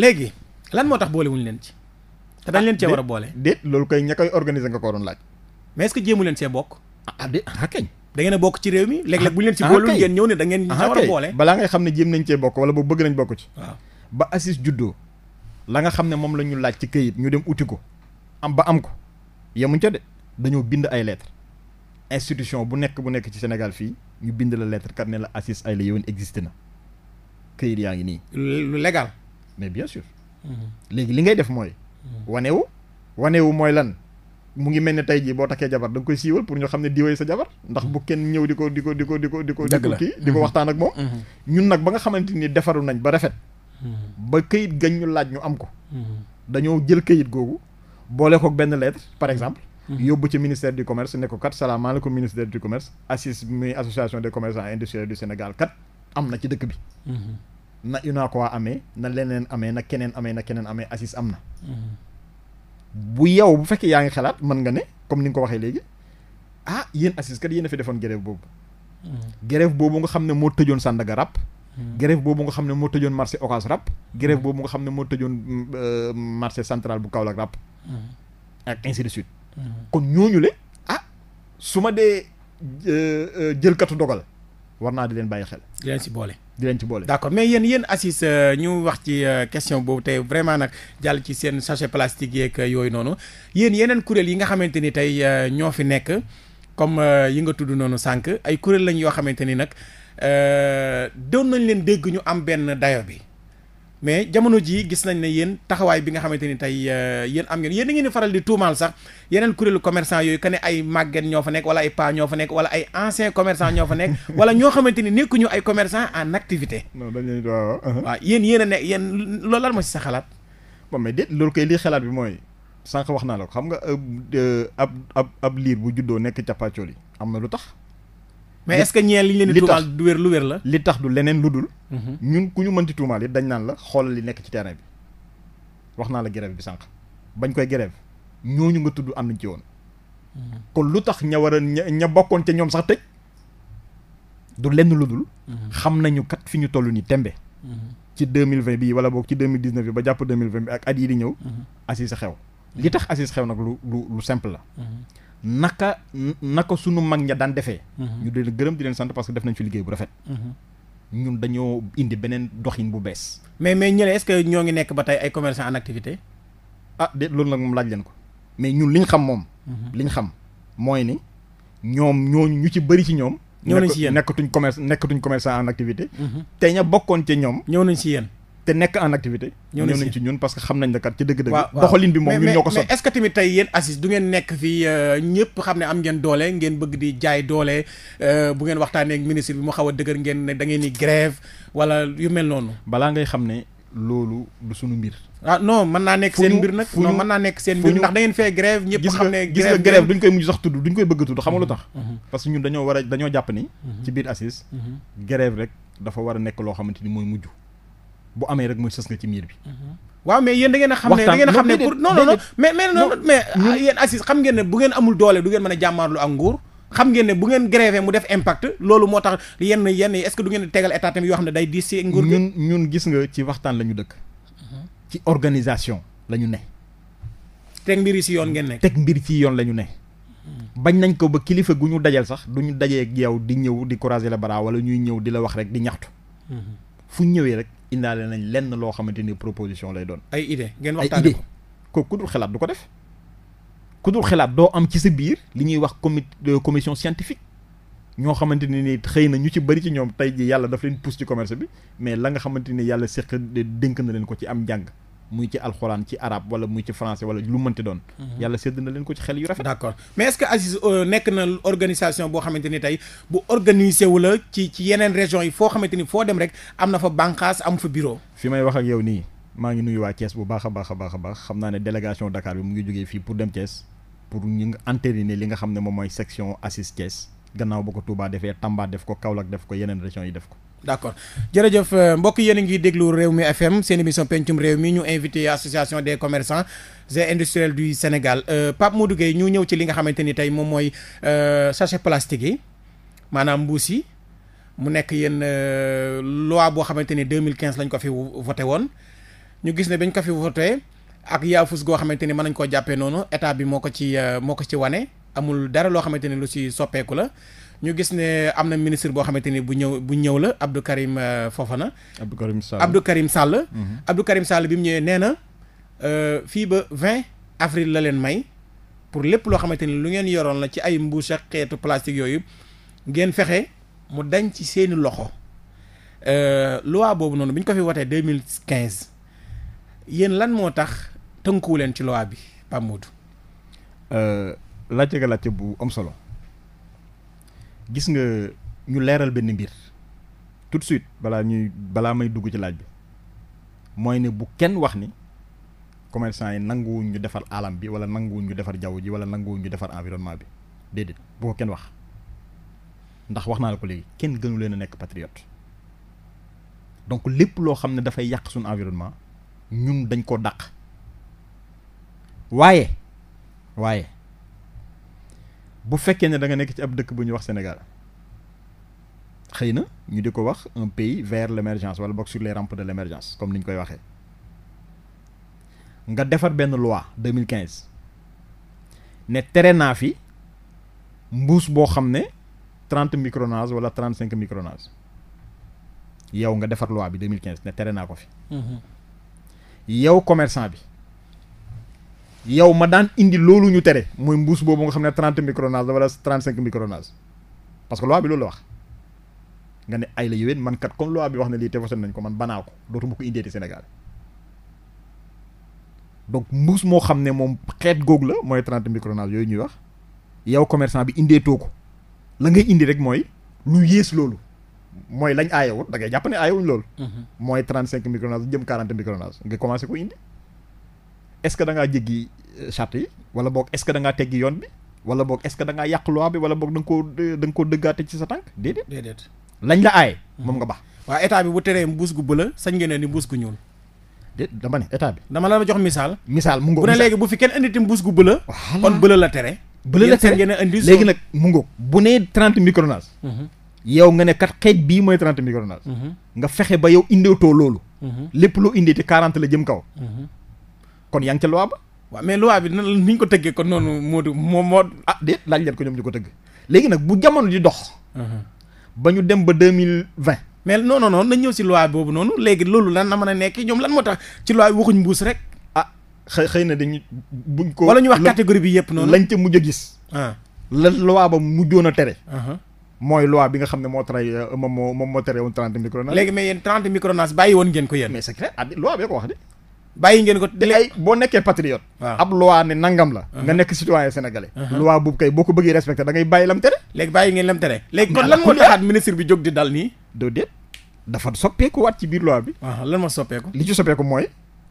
léegi lan moo tax boole wuñu leen ci te dañ ah, leen cee war a boole déet loolu koy ña koy organiser nga ko doon laaj mais est-ce jéemu leen see bokk ah, ah déet ah, da a bokk ci réew mi léeg-léeg bu ñu leen ci ah, boolul ngeen ñëw ne da ngeen ah, war a boole balaa ngay xam ne jéem nañ cee bokk wala boobu bëgg nañ bokk ci ba assis juddoo la nga xam ne moom la ñu laaj ci këyit ñu dem uti ko am ba am ko yemuñ ca de dañoo bind ay lettre institution bu nekk bu nekk ci Sénégal fii ñu bind la lettre kat ne la assis ay la yoon existe na këyit yaa ngi nii lu légal mais bien sûr mhm. léegi li ngay def mooy mhm. wanewu mooy lan mu ngi mel ne tey jii boo takkee jabar da koy siiwal pour ñu xam ne diwee sa jabar ndax bu kenn ñëw di ko di ko di ko di ko di ko di ko kii di ko mhm. waxtaan ak moom mhm. ñun nag ba nga xamante ni defaru nañ ba rafet mhm. ba këyit gañ ñu laaj ñu am ko dañoo jël këyit googu boole ko benn lettre par exemple yóbbu ci ministère du commerce ne ko kat salaamaaleykum ministère du commerce assis muy association des commerçants industriels du Sénégal kat na ci dëkk bi amee na leneen amee na keneen amee na keneen amee assis am na bu yow bu fekkee yaa ngi xalaat mën nga ne comme ni nga ko waxee léegi ah yéen assise kat yéen a fi defoon grève boobu. Hmm. grève boobu nga xam ne moo tëjoon Sandaga rap. Hmm. grève boobu nga xam ne moo tëjoon marché Ocass rap. Hmm. grève boobu nga xam ne moo tëjoon euh, marché central bu Kaolack rap. ak ainsi de suite. kon ñooñu le ah su ma dee euh, euh, jëlkatu dogal. war naa di leen bàyyi xel. di leen ci boole di leen ci boole. d'accord mais yéen yéen Aziz euh, ñu wax ci euh, question boobu tey vraiment nag jàll ci seen sachet plastique yeeg euh, yooyu noonu yéen yeneen kuréel yi nga xamante ni tey ñoo fi nekk comme yi nga tudd noonu sànq ay kuréel lañ yoo xamante ni nag doon nañ leen dégg ñu am benn dayo bi. mais jamono jii gis nañ ne yéen taxawaay bi nga xamante ni tey euh, yéen am ngeen yéen a ngeen di faral di tuumaal sax yeneen kuréelu commerçant yooyu que ne ay màgget ñoo fa nekk wala ay pa ñoo fa nekk wala ay ancien commerçant ñoo fa nekk wala ñoo xamante ni nekkuñu ay commerçant en activité. non dañ leen waaw. Uh-huh. waaw yéen yéen a ne loolu lan moo si sa xalaat. bon mais déet loolu koy lii xalaat bi mooy sànq wax naa la ko xam nga euh, euh, ab ab ab liir bu juddoo nekk yi am na lu tax. mais est que ñeel li leen di tuumaal du wér lu wér la li tax du leneen lu dul mhm. ñun ku ñu mënti tuumaal it dañ naan la xoolal li nekk ci terrain bi wax naa la grève bi sànq bañ koy grève ñooñu nga tudd am nañ ci woon mhm. kon lu tax ña war ña ña bokkoon ca ñoom sax tëj du lenn lu dul mhm. xam nañu kat fi ñu toll nii tembe ci deux mille vingt bi wala boog ci deux mille dix neuf bi ba jàpp deux mille vingt bi ak at yi di ñëw assise xew li tax assise xew nag lu lu lu simple la naka naka sunu mag ña daan defee. Mhm. ñu di gërëm di leen sant parce que def nañ fi liggéey bu rafet. Mhm. ñun dañoo indi beneen doxin bu bees. mais mais ñële est-ce que ñoo ngi nekk ba tey ay commerçants en activité. ah déet loolu nag moom laaj leen ko mais ñun liñ xam moom. Mhm. liñ xam mooy ni ñoom ñoo ñu ñu ci bëri ci ñoom. ñëw nañ si yéen nekkatuñ nekkatuñ commerçant en activité. tey ña bokkoon ci ñoom. ñëw nañ si yéen. te nekk en activité. ñëw nañ ci ñun parce que xam nañ ne kat ci dëgg-dëgg. doxalin bi moom ñun ñoo ko sonn. mais est-ce que tamit tey yéen Aziz du ngeen nekk fii euh, ñëpp xam ne am ngeen doole ngeen bëgg di jaay doole euh, bu ngeen waxtaanee ak ministre bi mu xaw a dëgër ngeen ne da ngeen ni grève wala yu mel noonu. balaa ngay xam ne loolu du suñu mbir. ah non mën naa nekk seen mbir nag non mën naa nekk seen mbir ndax da ngeen fee grève ñëpp xam ne gis nga grève koy mujj sax tudd duñ koy bëgg tudd xamalu mm-hmm. mm-hmm. que ñun dañoo war a dañoo jàpp ni mm-hmm. ci dafa war a nekk loo xamante ni mooy mujj bu amee rek mooy sës nga ci miir bi. Mhm. waaw mais yéen da ngeen a xam ne da ngeen a xam ne pour non non non mais mais non mais ah, yéen assise xam ngeen ne bu ngeen amul doole du ngeen mën a jàmmaarlu ak nguur xam ngeen ne bu ngeen grévé mu def impact loolu moo tax yenn yenn est ce que du ngeen tegal état tamit yoo xam ne day diis si nguur gi ñun ñun gis nga ci waxtaan lañu ñu dëkk mhm. ci organisation la ñu ne teg mbir yi si yoon ngeen nekk teg mbir ci yoon la ñu ne mhm. bañ nañ ko ba kilifa gu ñu dajal sax du ñu dajee ak di ñëw di croiser le bras wala ñuy ñëw di la wax rek di ñaxtu fu ñëwee rek indaale nañ lenn loo xamante ni proposition lay doon. ay idée ngeen waxtaanee ko ko ku dul xalaat du ko def ku dul xalaat doo am ci sa biir li ñuy wax comi euh, commission scientifique ñoo xamante ne nii xëy na ñu ci bëri ci ñoom tey ji yàlla daf leen pousse ci commerce bi mais la nga xamante ni yàlla séq dënk na leen ko ci am njàng. muy ci alxuraan ci arabe wala muy ci français wala lu mënti doon. Mhm. yàlla sédd na leen ko ci xel yu rafet. d'accord mais est-ce que Aziz euh, nekk na organisation boo xamante ni tey bu organiser wu la ci ci yeneen région yi foo xamante ni foo dem rek am na fa bànqaas am fa bureau. fi may wax ak yow nii maa ngi nuyu waa Thiès bu baax a baax a baax a baax xam naa ne délégation Dakar bi mu ngi jógee fii pour dem Thiès pour ñu entériner li nga xam ne moom section Aziz gannaaw ba ko Touba defee Tamba def ko Kaolack def ko yeneen régions yi def ko. d' accord jërëjëf euh, mbokk yéen a ngi déglu réew mi FM seen émission pencum réew mi ñu invité association des commerçants et industriels du Sénégal euh, Pape Modou Gueye ñu ñëw ci li nga xamante ni tey moom mooy euh, sachet plastique yi maanaam mbuus yi mu nekk yéen loi boo xamante ni 2015 lañ ko fi voté woon ñu gis ne bañ ko fi voté ak yaafus goo xamante ni mën nañ koo jàppee noonu état bi moo ko ci moo ko ci wane amul dara loo xamante ni lu si soppeeku la. ñu gis ne am na ministre boo xamante ni bu ñëw bu ñëw la Abdou Karim euh, Fofana. Abdou Karim Sall Abdou Karim Sall. Mhm. Abdou Karim Sall bi mu ñëwee nee na euh, fii ba 20 avril la leen may pour lépp loo xamante ni lu ngeen yoroon la ci ay mbuus ak xeetu plastique yooyu ngeen fexe mu dañ ci seeni loxo euh, loi boobu noonu bi ñu ko fi wotee 2015 yéen lan moo tax tënkuwu leen ci loi bi Pape Modou. laajte nga bu am solo. gis nga ñu leeral benn mbir tout de suite balaa ñuy balaa may dugg ci laaj bi mooy ne bu kenn wax ni commerçant yi nanguwuñ ñu defar alam bi wala nanguwuñ ñu defar jaww ji wala nanguwuñ ñu defar environnement bi déedéet bu ko kenn wax ndax wax naa la ko léegi kenn gënu leen a nekk patriote donc lépp loo xam ne dafay yàq suñu environnement ñun dañ koo dàq waaye waaye bu fekkee ne da nga nekk ci ab dëkk bu ñuy wax Sénégal xëy na ñu di ko wax un pays vers l' émergence wala boog sur les rampes de l' émergence comme ni ñu koy waxee nga defar benn loi 2015 ne tere naa fi mbuus boo xam ne 30 micronage wala cinq micronage yow nga defar loi bi 2015 ne tere naa ko fi. Mm-hmm. yow commerçant bi. yow ma daan indi loolu ñu tere mooy mbuus boobu nga xam ne trente micronage la wala trente cinq micronage parce que loi bi loolu la wax nga ne ay la yowén man kat comme loi bi wax ne lii te wasan nañ ko man banaa ko dootuma ko indeeti Sénégal donc mbuus moo xam ne moom xeet góog la mooy trente micronage yooyu ñuy wax yow commerçant bi indeetoo ko la ngay indi rek mooy lu yées loolu mooy lañ aayewut da ngay jàpp ne aayewuñ loolu mhm. mooy trente cinq micronage jëm quarante micronage commencé ko est-ce jéggi euh, charte yi wala boog est-ce teggi yoon bi wala boog est-ce que da ngaa yàq loi bi wala boog da nga dëggaate ci sa tànk déedéet. déedéet lañ la aaye. moom nga baax. Hmm. waaw état bi bu teree mbuus gu bëla sañ ngeen ni mbuus gu ñuul. déet dama ne état bi. dama la jox misaal. misaal mu ngoog bu ne léegi bu fi kenn indi ti mbuus gu bëla. kon bëla la tere. bëla la a indi. léegi nag mu ngoog bu nee trente micronage. Mhm. yow nga ne kat xeej bii mooy trente micronage. Mhm. nga fexe ba yow indiwtoo loolu. Mhm. lépp loo indi quarante la jëm kaw kon yaa ngi ca loi ba. waaw mais loi bi nan ni ñu ko tëggee kon noonu moo di moo moo ah déet laaj leen ko ñoom ñu ko tëgg léegi nag bu jamono di dox. Uh-huh. ba ñu dem ba deux mille vingt. mais non ñëw si loi boobu noonu léegi loolu lan la mën a nekk ñoom lan moo tax ci loi waxuñ mbuus rek. ah xëy xëy na dañu buñ ko. wala ñu wax catégorie bi noonu lañ ca mujj a gis. Ah. la loi a tere. Uh-huh. mooy loi bi nga xam ne moo tray euh, moo moo tere woon trente micronage. léegi mais yéen trente micronage bàyyi woon ngeen ko yéen. mais c'est clair ah bee ko wax de. bàyyi ngeen ko te ay boo nekkee patriote ab loi ne nangam la uh-huh. nga nekk citoyen sénégalais uh-huh. loi bu kay boo ko bëggee respecté dangay ngay bàyyi lam tere léegi bàyyi ngeen lam tere léegi kon lan moo taxaat ministre bi jóg di dal nii doo déet dafa soppeeku waat ci biir loi bi ah, lan moo soppeeku li ci soppeeku mooy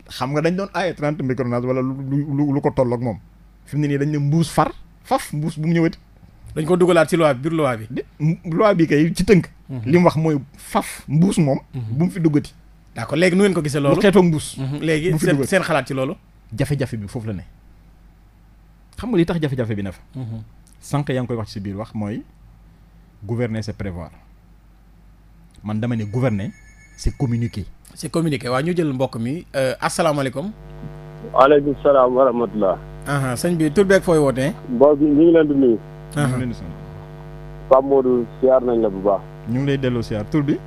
xam nga dañ doon aaye trente micronage wala lu lu ko tolloog moom fi mu nii dañ ne mbuus far faf mbuus bu mu ñëwati dañ ko dugalaat ci loi bi biir loi bi loi bi kay ci tënk mhm. li mu wax mooy faf mbuus moom mhm. bu mu fi duggati d'accord léegi nu ngeen ko gisee loolu. bu xeetoo mbuus. Mhm. léegi seen seen xalaat ci loolu. jafe-jafe bi foofu la ne xam nga li tax jafe-jafe bi na fa. Mhm. sànq yaa ngi koy wax ci biir wax mooy gouverner se prévoir man dama ne gouverner c'est communiquer. c'est communiquer waaw ñu jël mbokk mi euh, asalaamaaleykum. waaleykum salaam wa rahmatulah. sëñ bi tur beeg fooy wootee. mbokk mi ñu ngi leen di nuyu. ñu siyaar nañ la bu baax. ñu ngi lay delloo siyaar tur bi.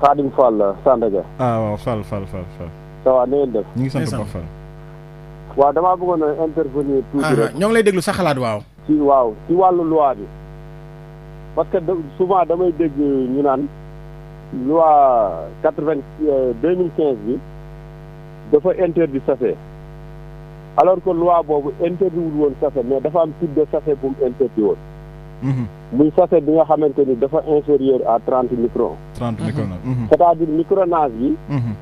Khadim Fall Sandaga. ah waaw Fall Fall Fall Fall. ça va na def. ñu ngi sant bu baax Fall. waaw damaa bëggoon a intervenir. tuuti ah, rek ñoo ngi lay déglu sa xalaat waaw. si waaw ci wàllu loi bi. parce que souvent damay dégg ñu naan loi quatre vingt euh, deux mille quinze bi dafa interdit sachet alors ko loi boobu interdit woon sachet mais dafa am type de sachet bu mu interdit woon. Mhm. muy sachet bi nga xamante ni dafa inférieur à trente microns. trente mhm. microns. Mhm. c'est-à-dire micronage bi. Mhm.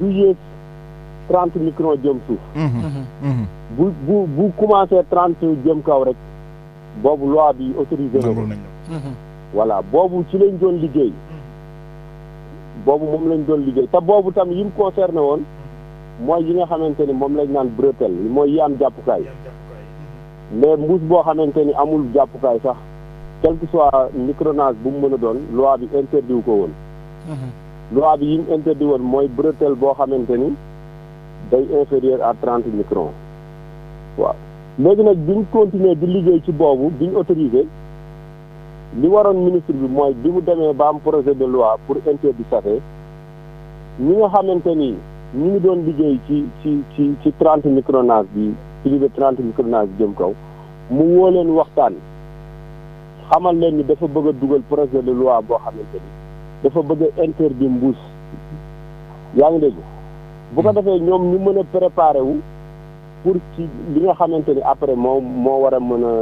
du yées trente microns jëm suuf. bu bu bu commencé trente jëm kaw rek boobu loi bi autorisé na voilà boobu ci lañ doon liggéey. boobu moom lañ doon liggéey te boobu tam yi mu concerné woon mooy yi nga xamante ni moom lañ naan bretelle mooy yi am jàppukaay mais mbuus boo xamante ni amul jàppukaay sax. quel que soit micronage bu mu mën a doon loi bi interdit wu ko woon. Uh-huh. loi bi yi mu interdit woon mooy bretelle boo xamante ni day inférieur à trente microns waaw léegi nag bi ñu continuer di liggéey ci boobu bi ñu autorisé li waroon ministre bi mooy bi mu demee ba am projet de loi pour interdit sachet ñi nga xamante ni ñu ngi doon liggéey ci ci ci ci trente micronage bi plus de trente micronage bi jëm kaw mu woo leen waxtaan. xamal leen ni dafa bëgg dugal projet de loi boo xamante ni dafa bëgg a interdire mbuus yaa ngi dégg bu ko hmm. defee ñoom ñu mën a préparer wu pour ci li nga xamante ni après moo moo war a mën a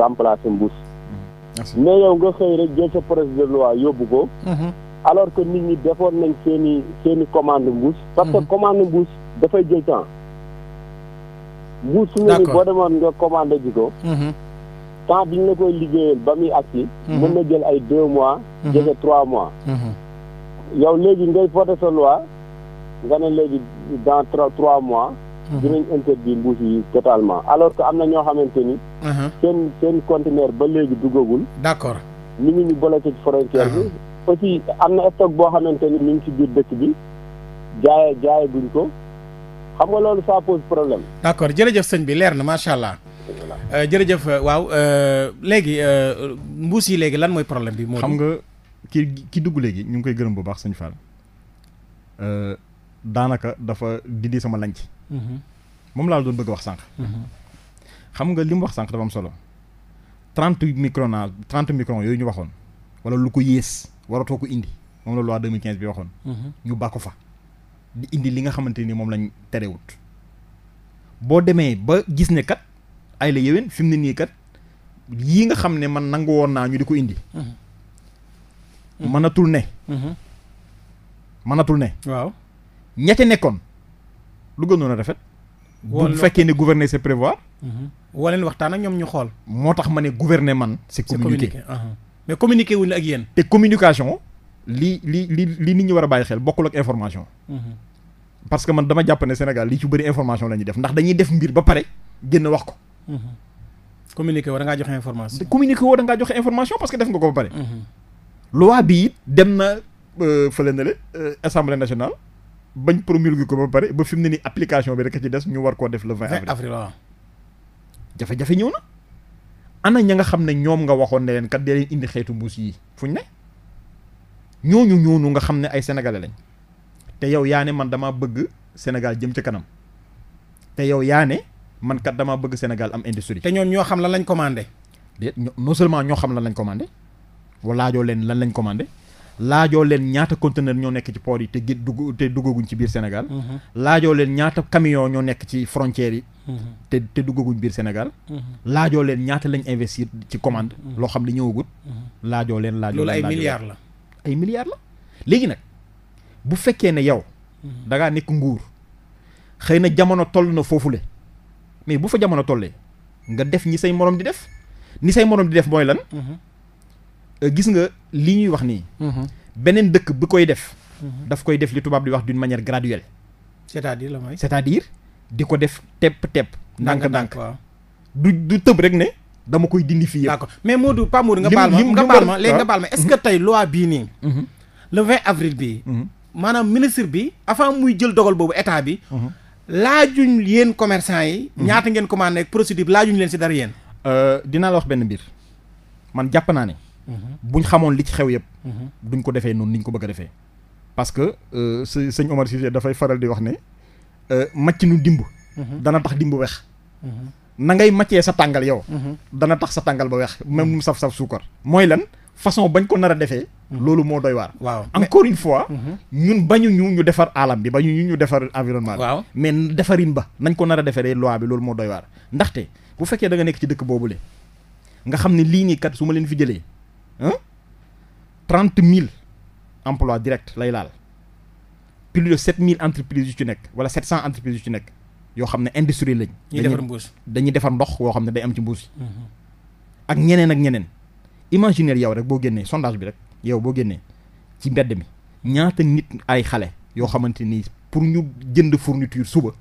remplacer mbuus hmm. mais yow nga xëy rek jël sa projet de loi yóbbu ko hmm. alors que nit ñi defoon nañ seen i seen commande mbuus parce que commande mbuus dafay jël temps mbuus su nga ni boo demoon nga commandé ji temps bi ñu la koy liggéeyal ba muy agsi mhm. mën na jël ay deux mois mhm. jege trois mois mhm. yow léegi ngay voté sa loi nga ne léegi dans trois mois dinañ interdit mbuus yi totalement alors que am na ñoo xamante ni seen seen conteneur ba léegi duggagul d'accord ni ngi ñu bloqué ci bi aussi am na stock boo xamante ni ñu ngi ci biir dëkk bi jaaye jaaye buñ ko xam nga loolu ça pose problème d'accord jërëjëf sëñ bi leer na macha allah Euh, jërëjëf euh, waaw euh, léegi mbuus yi léegi lan mooy problème bi. moo xam nga ki ki dugg léegi ñu ngi koy gërëm bu baax sëñ Fall. daanaka dafa didi sama lañ ci mhm. moom laa doon bëgg wax sànq. Mhm. xam nga li mu wax sànq dafa am solo. trente micron na trente yooyu ñu waxoon. wala lu ko yées waratoo ko indi moom la loi 2015 bi waxoon. Mhm. ñu bàkku fa. di indi li nga xamante ni moom lañ terewut. boo demee ba gis ne kat. ay la yéwén fi mu ne nii kat yii nga xam ne man nangu woon naa ñu di ko indi. Mhm. mënatul ne. Mhm. mënatul ne. waaw ña nekkoon lu gënoon a rafet. bu fekkee ne gouverner c'est prévoir. Mhm. woo leen waxtaan ak ñoom ñu xool. moo tax ma ne gouverner man. c'est communiquer uh-huh. mais wu wuñ ak yéen. te communication li li li li nit ñi war a bàyyi xel bokkul ak information. parce que man dama jàpp ne Sénégal li ci bëri information la ñuy def ndax dañuy def mbir ba pare génn wax ko. Mm-hmm. communiqué woo da ngaa joxe information. communiqué woo da ngaa joxe information parce que def nga ko ba pare. Mm-hmm. loi bi it dem na euh, fële na le euh, assemblée nationale bañ promulgué ko ba pare ba fi mu ne ni application bi rek ci des ñu war koo def le 20 avril jafe-jafe ñëw na. ana ña nga xam ne ñoom nga waxoon ne leen kat dee leen indi xeetu mbuus yi fuñ ne ñooñu ñoonu nga xam ne ay sénégalais lañ te yow yaa ne man damaa bëgg Sénégal jëm ci kanam te yow yaa ne man kat damaa bëgg Sénégal am industrie. te ñoom ñoo xam lan lañ commandé. déet non ñoo xam lan lañ commandé wala laajoo leen lan lañ commandé laajoo leen ñaata conteneur ñoo nekk ci port yi te gi dugg te ci biir Sénégal. Mhm. laajoo leen ñaata camion ñoo nekk ci frontières yi. Mhm. te te duggaguñ biir Sénégal. Mhm. laajoo leen ñaata lañ investir ci commande. loo xam ne ñëwagut. laajoo leen laajoo leen ay milliards la. ay milliards la léegi nag bu fekkee ne yow. da ngaa nekk nguur xëy na jamono toll na foofu foofule. mais bu fa jamono tollee nga def ñi say moroom di def ni say morom di def mooy lan. Mhm. Euh, gis nga li ñuy wax nii. Mhm. beneen dëkk bu koy def. Mhm. daf koy def li tubaab di wax d'une manière graduelle. c'est-à-dire la di ko def tepp tepp. ndànk-ndànk du du tëb rek ne. dama koy dindi fii yëpp. d'accord mais Modou mm-hmm. Pa Modou nga baal ma nga baal ma léegi tey loi bii nii. Mm-hmm. le 20 avril bi mm-hmm. maanaam ministre bi avant muy jël dogal boobu état bi. laajuñ yéen commerçant yi. Mhm. ñaata ngeen commandé ak procédure laajuñ leen si dara yéen. Euh, dinaa la wax benn mbir man jàpp naa ne. Mhm. buñ xamoon li ci xew yëpp. Mhm. duñ ko defee noonu niñ ko bëgg a defee. parce que euh, së sëñ Omar Cissé dafay faral di wax ne euh, màcc nu dimb. dana tax dimb weex. na ngay màccee sa tàngal yow. dana tax sa tàngal ba weex même mu saf saf suukar. mooy lan façon bañ ko nar a defee. Mhm. loolu moo doy waar. waaw encore une fois. Mhm. ñun bañu ñu ñu defar alam bi bañu ñu ñu defar environnement bi. waaw mais defarin ba nañ ko nar a defaree loi bi loolu moo doy waar. ndaxte bu fekkee da nga nekk ci dëkk boobu le nga xam ne lii nii kat su ma leen fi jëlee ah trente mille emplois direct lay laal plus de sept mille entreprises yu ci nekk wala sept cent entreprises yu ci nekk yoo xam ne industrie lañ. ñuy defar mbuus dañuy defar ndox woo xam ne day am ci mbuus. Mhm. ak ñeneen ak ñeneen. imaginaire yow rek boo génnee sondage bi rek yow boo génnee ci mbedd mi ñaata nit ay xale yoo xamante ni pour ñu jënd fourniture suba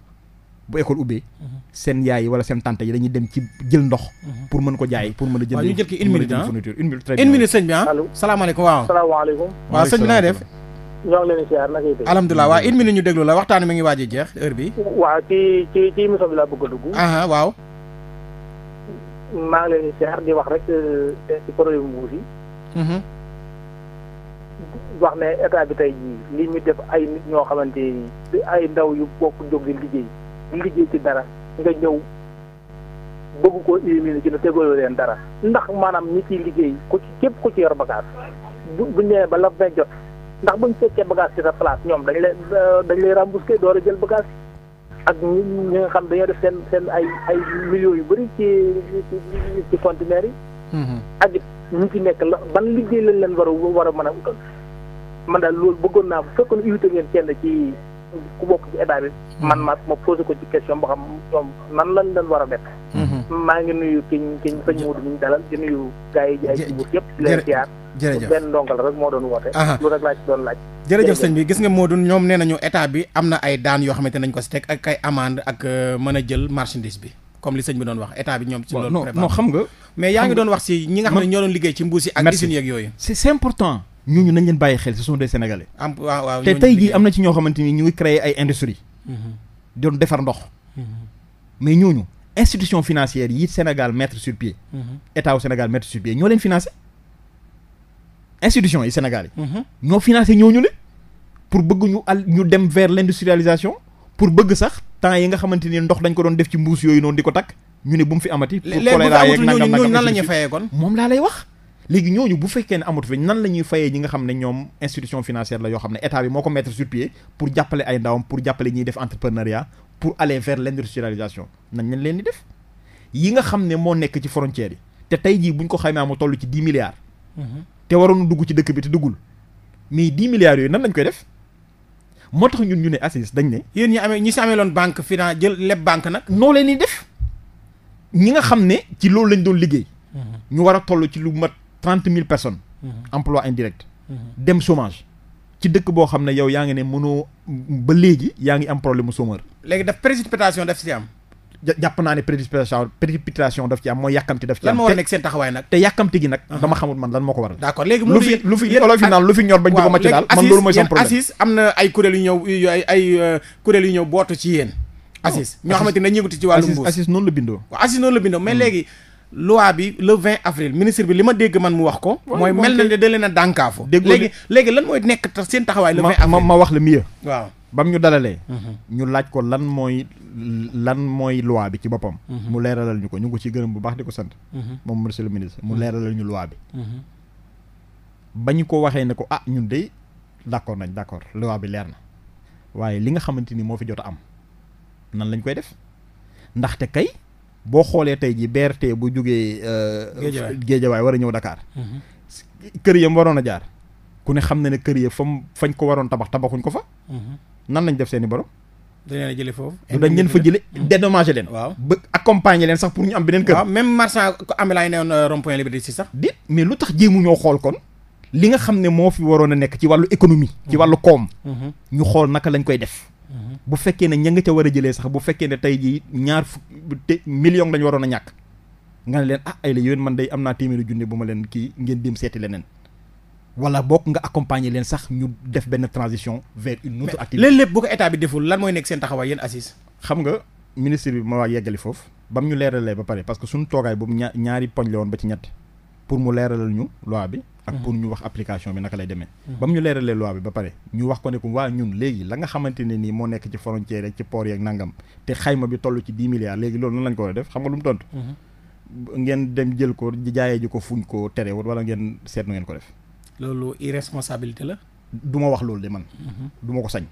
bu école ubbee. Mhm. seen yaay yi wala seen tante yi dañuy dem ci jël ndox. Mhm. pour mën ko jaay pour mën a jënd. waaw ñu jël ki une minute ah une minute très bien une minute sëñ bi ah. allo salaamaaleykum waaw. salaamaaleykum. waaw sëñ bi na def. ñoo ngi leen ñu déglu la waxtaan mi ngi waaj a jeex heure bi waaw ci ci ci émission bi laa bëgg a dugg. waaw. maa ngi leen di di wax rek euh, ci problème mbuus yi. Mhm. wax ne état bi tey jii li ñu def ay nit ñoo xamante ni ay ndaw yu bokk jóg di liggéey di liggéey ci dara nga ñëw bëgg koo éliminer ci ne tegaloo leen dara ndax maanaam ñi ciy liggéey ku ci képp ku ci yor bagage bu bu nee ba la vingt jot ndax buñ fekkee bagage ci sa place ñoom dañ lay euh, dañ lay remboursé door a jël bagage. ak ñu ñu nga xam dañoo def seen seen ay ay millions yu bëri ci ci ci conteneurs yi. Mhm. ak ñu ci nekk la ban liggéey lañ leen war a war a mën a man daal loolu bëggoon naa bu fekkoon invité ngeen kenn ci ku bokk ci état mhm. man ma ma posé ko ci question boo xam ñoom nan lañ leen war a def. Mhm. maa ngi nuyu kiñ kiñ sëñ Modou mi ñu dalal di nuyu gars yi jaay ci buur yëpp di leen siyaar jërëjëf benn ndongal rek moo doon woote lu rek laa ci doon laaj jërëjëf sëñ bi gis nga Modou ñoom nee nañu état bi am na ay daan yoo xamante nañ ko si teg ak ay amende ak euh, mën a jël marchandise bi comme li sëñ bi doon wax état bi ñoom ci loolu non xam nga mais yaa ngi doon wax si ñi nga xam ne ñoo doon liggéey ci mbuus yi ak usines yeeg yooyu c'est important ñooñu nañ leen bàyyi xel ce sont des sénégalais am waaw waaw te tey jii am na ci ñoo xamante ni ñu ngi créer ay industrie mhm. doon defar ndox mhm. mais ñooñu institution financière yi Sénégal mettre sur pied. Mhm. état wu Sénégal mettre sur pied ñoo leen financé. institution yi Sénégal yi. Mhm. ñoo financé ñooñu le pour bëgg ñu al ñu dem vers l'industrialisation pour bëgg sax temps yi nga xamante ni ndox dañ ko doon def ci mbuus yooyu noonu di ko takk ñu ne bu mu fi amati. pour la ñuy fayee kon. moom laa lay wax. léegi ñooñu bu fekkee ne amatu fi nan la ñuy fayee ñi nga xam ne ñoom institution financière la yoo xam ne état bi moo ko mettre sur pied pour jàppale jàppale ñiy def pour aller vers l'industrialisation nañ lañ leen di def yi nga xam ne moo nekk ci frontière yi te tey jii buñ ko xaymaa mu toll ci dix milliards. Mhm. te waroon dugg ci dëkk bi te duggul mais dix milliards yooyu nan lañ koy def. moo tax ñun ñu ne assise dañ ne. yéen ñi amee ñi si amee loon banque finance jël leb banque nag. noo leen di ñi nga xam ne ci loolu lañ doon liggéey. Mhm. ñu war a toll ci lu mat trente mille personnes. Mhm. emploi indirect. dem chômage. ci dëkk boo xam ne yow yaa ngi ne mënoo ba léegi yaa ngi am problème mu chômeur. léegi daf précipitation daf si am. jàpp naa ne précipitation précipitation daf ci am mooy yàkkamti daf ci am a nekk seen taxawaay nag te yàkkamti gi nag dama xamul man lan moo ko waral d'accord lu fi lu fi lu fi ñor bañ di ko macc daal man loolu am na ay kuréel yu ñëw euh, bootu ci yéen oh, assis ñoo xamante ne dañuy yëngatu ci wàllu mbuus la bindoo waaw assis noonu la bindoo mais hmm. léegi loi bi le 20 avril ministre bi li ma dégg man mu wax ko. mooy mel na ne da leen a dànkaafu. dégg léegi léegi lan mooy nekk seen taxawaay. le 20 avril ma ma wax le mieux. waaw bam ñu dalalee. Mhm. ñu laaj ko lan mooy lan mooy luwaa bi ci boppam. Mhm. mu leeralal ñu ko ñu ngi ko ci gërëm bu baax di ko sant. Mhm. moom monsieur le ministre mu leeralal ñu loi bi. ba ñu ko waxee ne ko ah ñun de d'accord nañ d'accord loi bi leer na waaye li nga xamante ni moo fi jot a am nan lañ koy def ndaxte boo xoolee tey ji BRT bu jugee. Euh, géejawaay war a ñëw Dakar. Mhm. kër yam waroon a jaar. ku ne xam na ne kër ya fa mu fañ ko waroon tabax tabaxuñ ko fa. Mhm. nan lañ def seen i borom. dañ leen a jëlee foofu. dañ leen fa jëlee mhm. dédommagé leen. waaw ba leen sax pour ñu am beneen kër. waaw même marchand ko amee laa newoon euh, rond-point Liberté si sax. dit mais lu tax jéemu ñoo xool kon. li nga xam ne moo fi waroon a nekk ci wàllu économie. ci wàllu koom. ñu xool naka lañ koy def. bu fekkee ne ña nga ca war a jëlee sax bu fekkee ne tey jii ñaar fukki million lañu waroon a ñàkk nga ne leen ah ay la yéen man day am naa téeméeri junne bu ma leen kii ngeen dem seeti leneen wala bokk nga accompagner leen sax ñu def benn transition vers une autre activité. lépp lépp bu ko état bi deful lan mooy nekk seen taxawaay yéen assise xam nga ministre bi ma waa yeggale foofu ba mu ñu leeralee ba pare parce que suñu toogaay boobu ñaar ñaari poñ la woon ba ci mu leeralal ñu loi bi ak pour ñu wax application bi naka lay demee mm-hmm. ba mu ñu leeralee loi ba pare ñu wax ko ne ko waa ñun léegi la nga xamante ne nii moo nekk ci frontière ci port yeeg nangam te xayma bi toll ci dix milliards léegi loolu nan lañ ko a def xam mm-hmm. ngeen dem jël ko jaayee ji ko fuñ ko tere wala ngeen seet nu ngeen ko def loolu irresponsabilité la du ma wax loolu de man mm-hmm. du ma ko sañ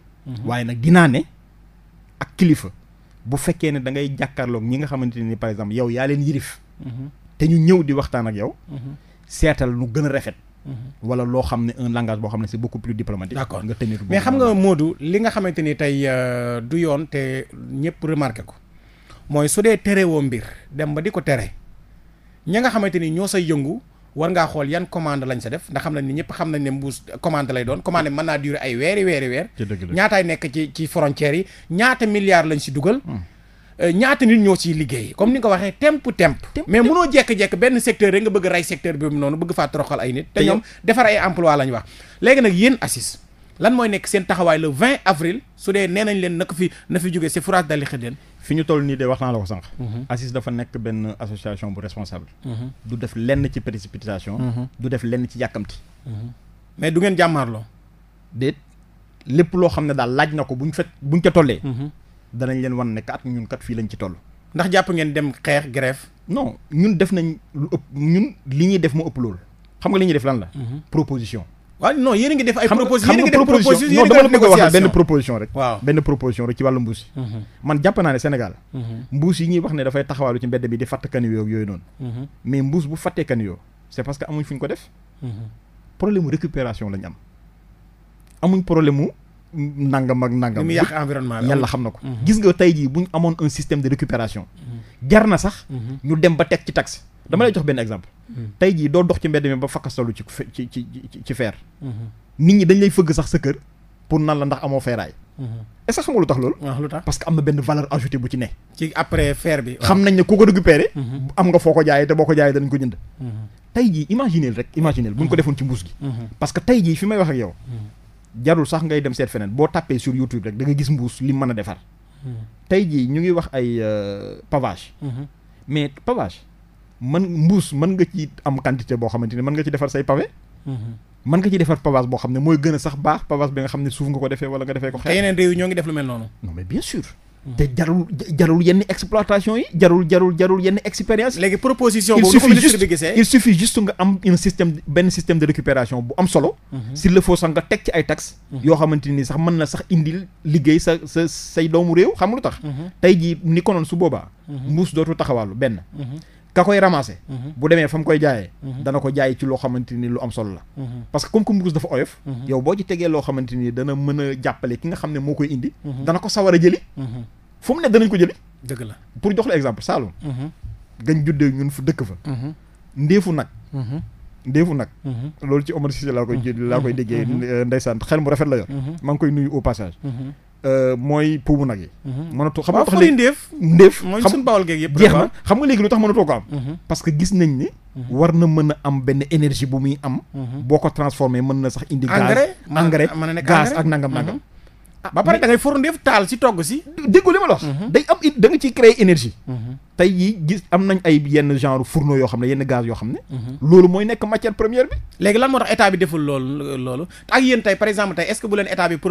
waaye nag dinaa ne ak kilifa bu fekkee ne da ngay jàkkaarloog ñi nga xamante ne ni par exemple yow yaa leen yirif te ñu ñëw di waxtaan ak yow seetal lu gën a rafet. Mhm. wala loo xam ne un langage boo xam ne c'est beaucoup plus diplomatique. d'accord nga tenir mais xam nga Modou li nga xamante ni tey euh, du yoon te ñëpp remarqué ko mooy su dee teree woo mbir dem ba di ko tere ña nga xamante ni ñoo say yëngu. war ngaa xool yan commande lañ sa def ndax xam nañ ni ñëpp xam nañ ne mbuus commande lay doon commande mën naa durer ay weeri weeri weer ñaataay nekk ci ci frontières yi ñaata milliards lañ si dugal hmm. Euh, ñaata nit ñoo ciy liggéey comme ni nga ko waxee temp temp mais munoo jekk-jekk benn secteur rek nga bëgg ray secteur bi mu noonu bëgg faa toroxal ay nit te ñoom defar ay emploi lañ wax léegi nag yéen assis lan mooy nekk seen taxawaay le 20 avril su dee nee leen naka fi na fi jógee c'est fourage dali xëddeen fi ñu toll nii de wax naa la ko sànq mhm. assis dafa nekk benn association bu responsable mhm. du def lenn ci précipitation mhm. du def lenn ci yàkkamti mais danañ leen wan ne kat ñun kat fii lañ ci toll. ndax jàpp ngeen dem xeex grève. non ñun def nañ lu ëpp ñun li ñuy def moo ëpp loolu. xam nga li ñuy def lan la. Mhm. proposition. waaw non a ngi def ay. proposition yéen a ngi def dama la a proposition rek. benn proposition rek ci wàllu mbuus yi. Mhm. man jàpp naa ne Sénégal. Mhm. mbuus yi ñuy wax ne dafay taxawaalu ci mbedd bi di fàtt kaniyoo yooyu noonu. mais mbuus bu fàttee kaniyoo c'est parce que amuñ fu ñu ko def. problème récupération lañ am. amuñ problème nangam ak nangam. li muy yàq environnement yàlla xam na ko. Mm-hmm. gis nga tey jii bu ñu amoon un système de récupération mm-hmm. jar na sax. Mm-hmm. ñu dem ba teg ci taxe. dama lay jox benn exemple. tey jii doo dox ci mbedd mi ba fakkastalu ci ci ci ci feer. nit ñi dañ lay fëgg sax sa kër pour nan la ndax amoo feeraay. est-ce que xam parce que am na benn valeur ajoutée bu ci ne. ci après fer bi. xam nañ ne ku ko récupéré. am nga foo ko jaayee te boo ko jaayee danañ ko jënd. tey jii imagineel rek imagineel buñ ko que tey jii fi jarul sax ngay dem seet feneen boo tàppee sur YouTube rek da nga gis mbuus li mën a defar. tey jii ñu ngi wax ay euh, pavage. Mhm. mais pavage man mbuus mën nga ci am quantité boo xamante ni nga ci defar say pavé. Mhm. mën nga ci defar pavage boo xam ne mooy gën a sax baax pavage bi nga xam ne suuf nga ko defee wala nga defee ko. xeer yeneen réew yi ñoo ngi def lu mel noonu. non mais bien sûr. te jarul jarul yenn exploitation yi jarul jarul jarul yenn expérience léegi proposition boobu ko ministre bi il suffit juste nga am un système benn système de récupération bu am solo mhm. si la faut sax nga teg ci ay taxes mhm. yoo xamante nii sax mën na sax indil liggéey sa sa say doomu réew xam lu tax mhm. tey jii ni konoon su boobaa mbuus dootu taxawaalu benn ka koy ramasser. Mhm. bu demee fa mu koy jaayee. Mhm. dana ko jaay ci loo xamante lu am solo la. Mhm. parce que comme que dafa oyof. yow boo ci tegee loo xamante dana mën a jàppale ki nga xam ne moo koy indi. dana ko sawar a jëli. fu mu ne danañ ko jëli. dëgg la pour jox la exemple Saloum. gañ juddee ñun fu dëkk fa. ndeefu nag. ndeefu nag. loolu ci Omar laa koy. laa koy déggee ndeysaan xel mu rafet la yor. maa koy nuyu au passage. Euh, mooy puubu nag yi. Mhm. mënatu xam nga tax léegi ndéef yëpp jeex na léegi lu tax mënatoo ko am. Mhm. parce que gis nañ ni. Mhm. war na mën a am benn énergie bu muy am. boo ko transformé mën na sax indi. gaz engrais mën na nekk engrais ak nangam nangam. Ah, ba pare da ngay for ndéef taal si togg si. déggu li ma la mhm. day am da nga ciy créer énergie. Mhm. tey yi gis am nañ ay yenn genre fourneau yoo xam ne yenn gaz yoo xam ne. Mhm. loolu mooy nekk matière première bi. léegi lan moo tax état bi deful loolu loolu ak yéen tey par exemple tey est-ce que bu leen état bi ku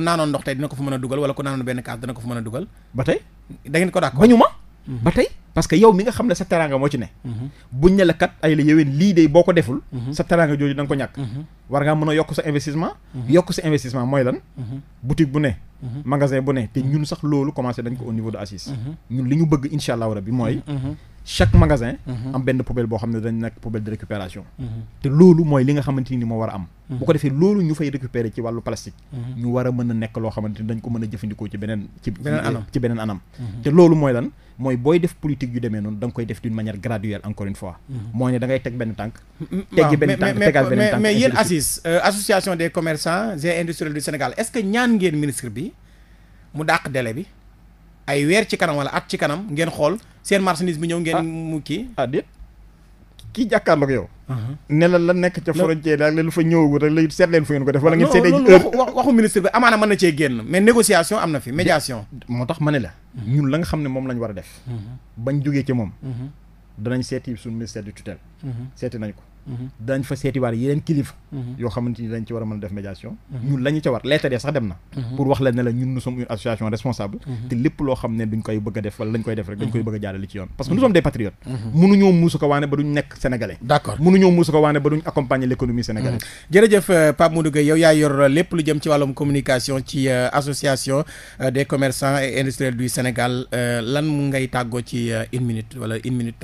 naanoon ndox tey dina ko fa mën a dugal wala ku naanoon benn kaas dina ko fa mën a dugal. ba tey da ko d'accord bañu ma. Mhm. ba tey parce que yow mi nga xam ne sa teraanga moo ci ne mhm. buñ ne la ay la yoween lii de boo ko deful mhm. sa teraanga jooju da ko ñàkk war ngaa mën a yokk sa investissement yokk sa investissement mooy lan boutique bu ne magasin bu ne te ñun sax loolu commencé dañ ko au niveau de ACIS ñun li ñu bëgg incha allahu rabbi mooy chaque magasin am benn poubelle boo xam ne dañ nekk poubelle de récupération te loolu mooy li nga xamante moo war a am bu loo xamante ni dañ ko mooy booy def politique yu demee noonu danga koy def d'une manière graduelle encore une fois. Mhm. moo ne da ngay teg benn tànk. teggi benn tànk tegal benn tànk mais mais yéen ACIS euh, association des commerçants et industriels du Sénégal ñaan ngeen ministre bi mu dàq délai bi. ay weer ci kanam wala at ci kanam ngeen xool seen marchandise bi ñëw ngeen. Ah. mu kii ah déet kii jàkkaarloog yow. ne la nekk ca frontière daal lu fa ñëwagul rek léegi seet leen fu ngeen ko def wala ngeen ah, seetee heure waxu ministre bi amaana mën na cee génn mais négociation am na fi médiation moo tax ma ne la ñun la nga xam ne moom lañ war a def mhm. bañ jógee ci moom mhm. danañ seeti suñu ministère du tutelle mhm. seeti nañ ko dañ fa seetiwaat yeneen kilifa. Mhm. yoo xamante ni dañ ci war a mën a def médiation. Mhm. ñun la ca war lettre ya sax dem na. Mhm. pour wax la ne la ñun nous une association responsable. te lépp loo xam ne duñ koy bëgg a def wala lañ koy def rek dañ koy bëgg a jaarale ci yoon. parce que nous sommes des patriotes. mënuñoo muusu ko waane ba duñ nekk sénégalais. d'accord mënuñoo muusu ko waane ba duñ accompagner l'économie sénégalaise. jërëjëf euh, Pape Modou Gueye yow yaa yor lépp lu jëm ci euh, euh, lan ngay tàggoo ci une wala une minute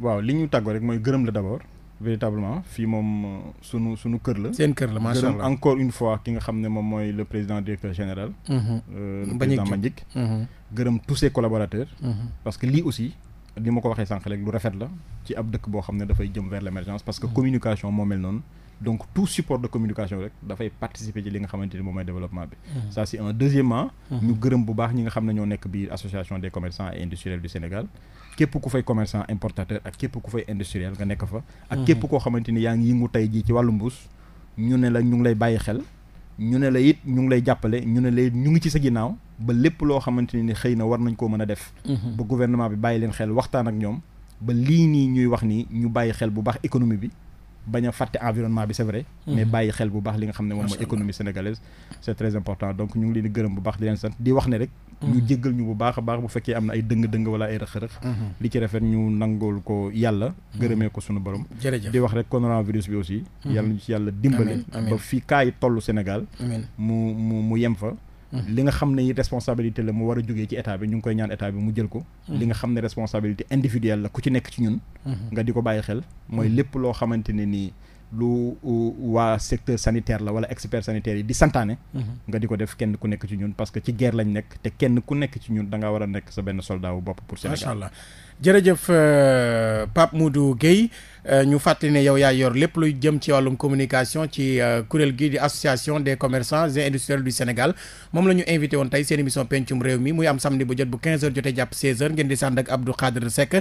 waaw li ñu tàggoo rek mooy gërëm la d'abord véritablement fii moom euh, sunu sunu kër la. seen kër la macha allah gërëm encore une fois ki nga xam ne moom mooy le président directeur général. Mhm. Euh, le président mhm. gërëm tous ses mhm. parce que lii aussi li ma ko waxee sànq rek lu rafet la ci ab dëkk boo xam ne dafay jëm vers l' parce que communication moo mel noonu. donc tout support de communication rek dafay participer ci li nga xamante ni moom mooy développement bi. Mm-hmm. ça c'est un deuxièmement. Mm-hmm. ñu gërëm bu baax ñi nga xam ne nekk biir association de commerçants et industriels du Sénégal képp ku fay commerçant importateur ak képp ku fay industriel nga nekk fa. ak képp mm-hmm. koo xamante ni yaa ngi yëngu tey jii ci wàllu mbuus ñu ne la ñu ngi lay bàyyi xel. ñu ne la it ñu ngi lay jàppale ñu ne la it ñu ngi ci sa ginnaaw ba lépp loo xamante ni xëy na war nañ koo mën a def. gouvernement bi bàyyi leen xel waxtaan ak ñoom ba lii nii ñuy wax nii ñu bàyyi xel bu baax économie bi bañ a fàtte environnement bi c'est hmm. mais bàyyi xel bu baax li nga xam ne moom mooy économie sénégalaise. c'est très important donc ñu ngi leen di gërëm bu baax di leen di wax ne rek. Hmm. ñu jéggal ñu bu baax a baax bu fekkee am na ay dëng-dëng wala ay rëq-rëq. Hmm. li ci rafet ñu nangool ko yàlla. gërëmee ko sunu borom. di wax rek coronavirus bi aussi. yàlla ñu ci yàlla dimbale. ba fii kaa yi tollu Sénégal. mu mu mu yem fa. Mm-hmm. li nga xam ne yi responsabilité la mu war a jógee ci état bi ñu ngi koy ñaan état bi mu jël ko mm-hmm. li nga xam ne responsabilité individuelle la ku ci nekk ci ñun mm-hmm. nga di ko bàyyi xel mooy lépp loo xamante ne nii lu waa secteur sanitaire la wala expert sanitaire yi di santaane nga di ko def kenn ku nekk ci ñun parce que ci geer lañ nekk te kenn ku nekk ci ñun da war a nekk sa benn soldat wu bopp pour Sénégal jërëjëf euh, Pape Modou Guèye euh, ñu fàttali ne yow yaa yor lépp luy jëm ci wàllum communication ci euh, kuréel gi di association des commerçants et industriels du Sénégal moom la ñu invité woon tey seen émission pencum réew mi muy am samedi bu jot bu 15h jotee jàpp 16h ngeen di sànd ak Abdou Khadre Seck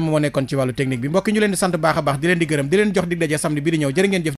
moo nekkoon ci wàllu technique bi mbokki ñu leen sant baax a baax di leen di gërëm di leen jox dig daje samedi bi di ñëw jërë ngeen jëf.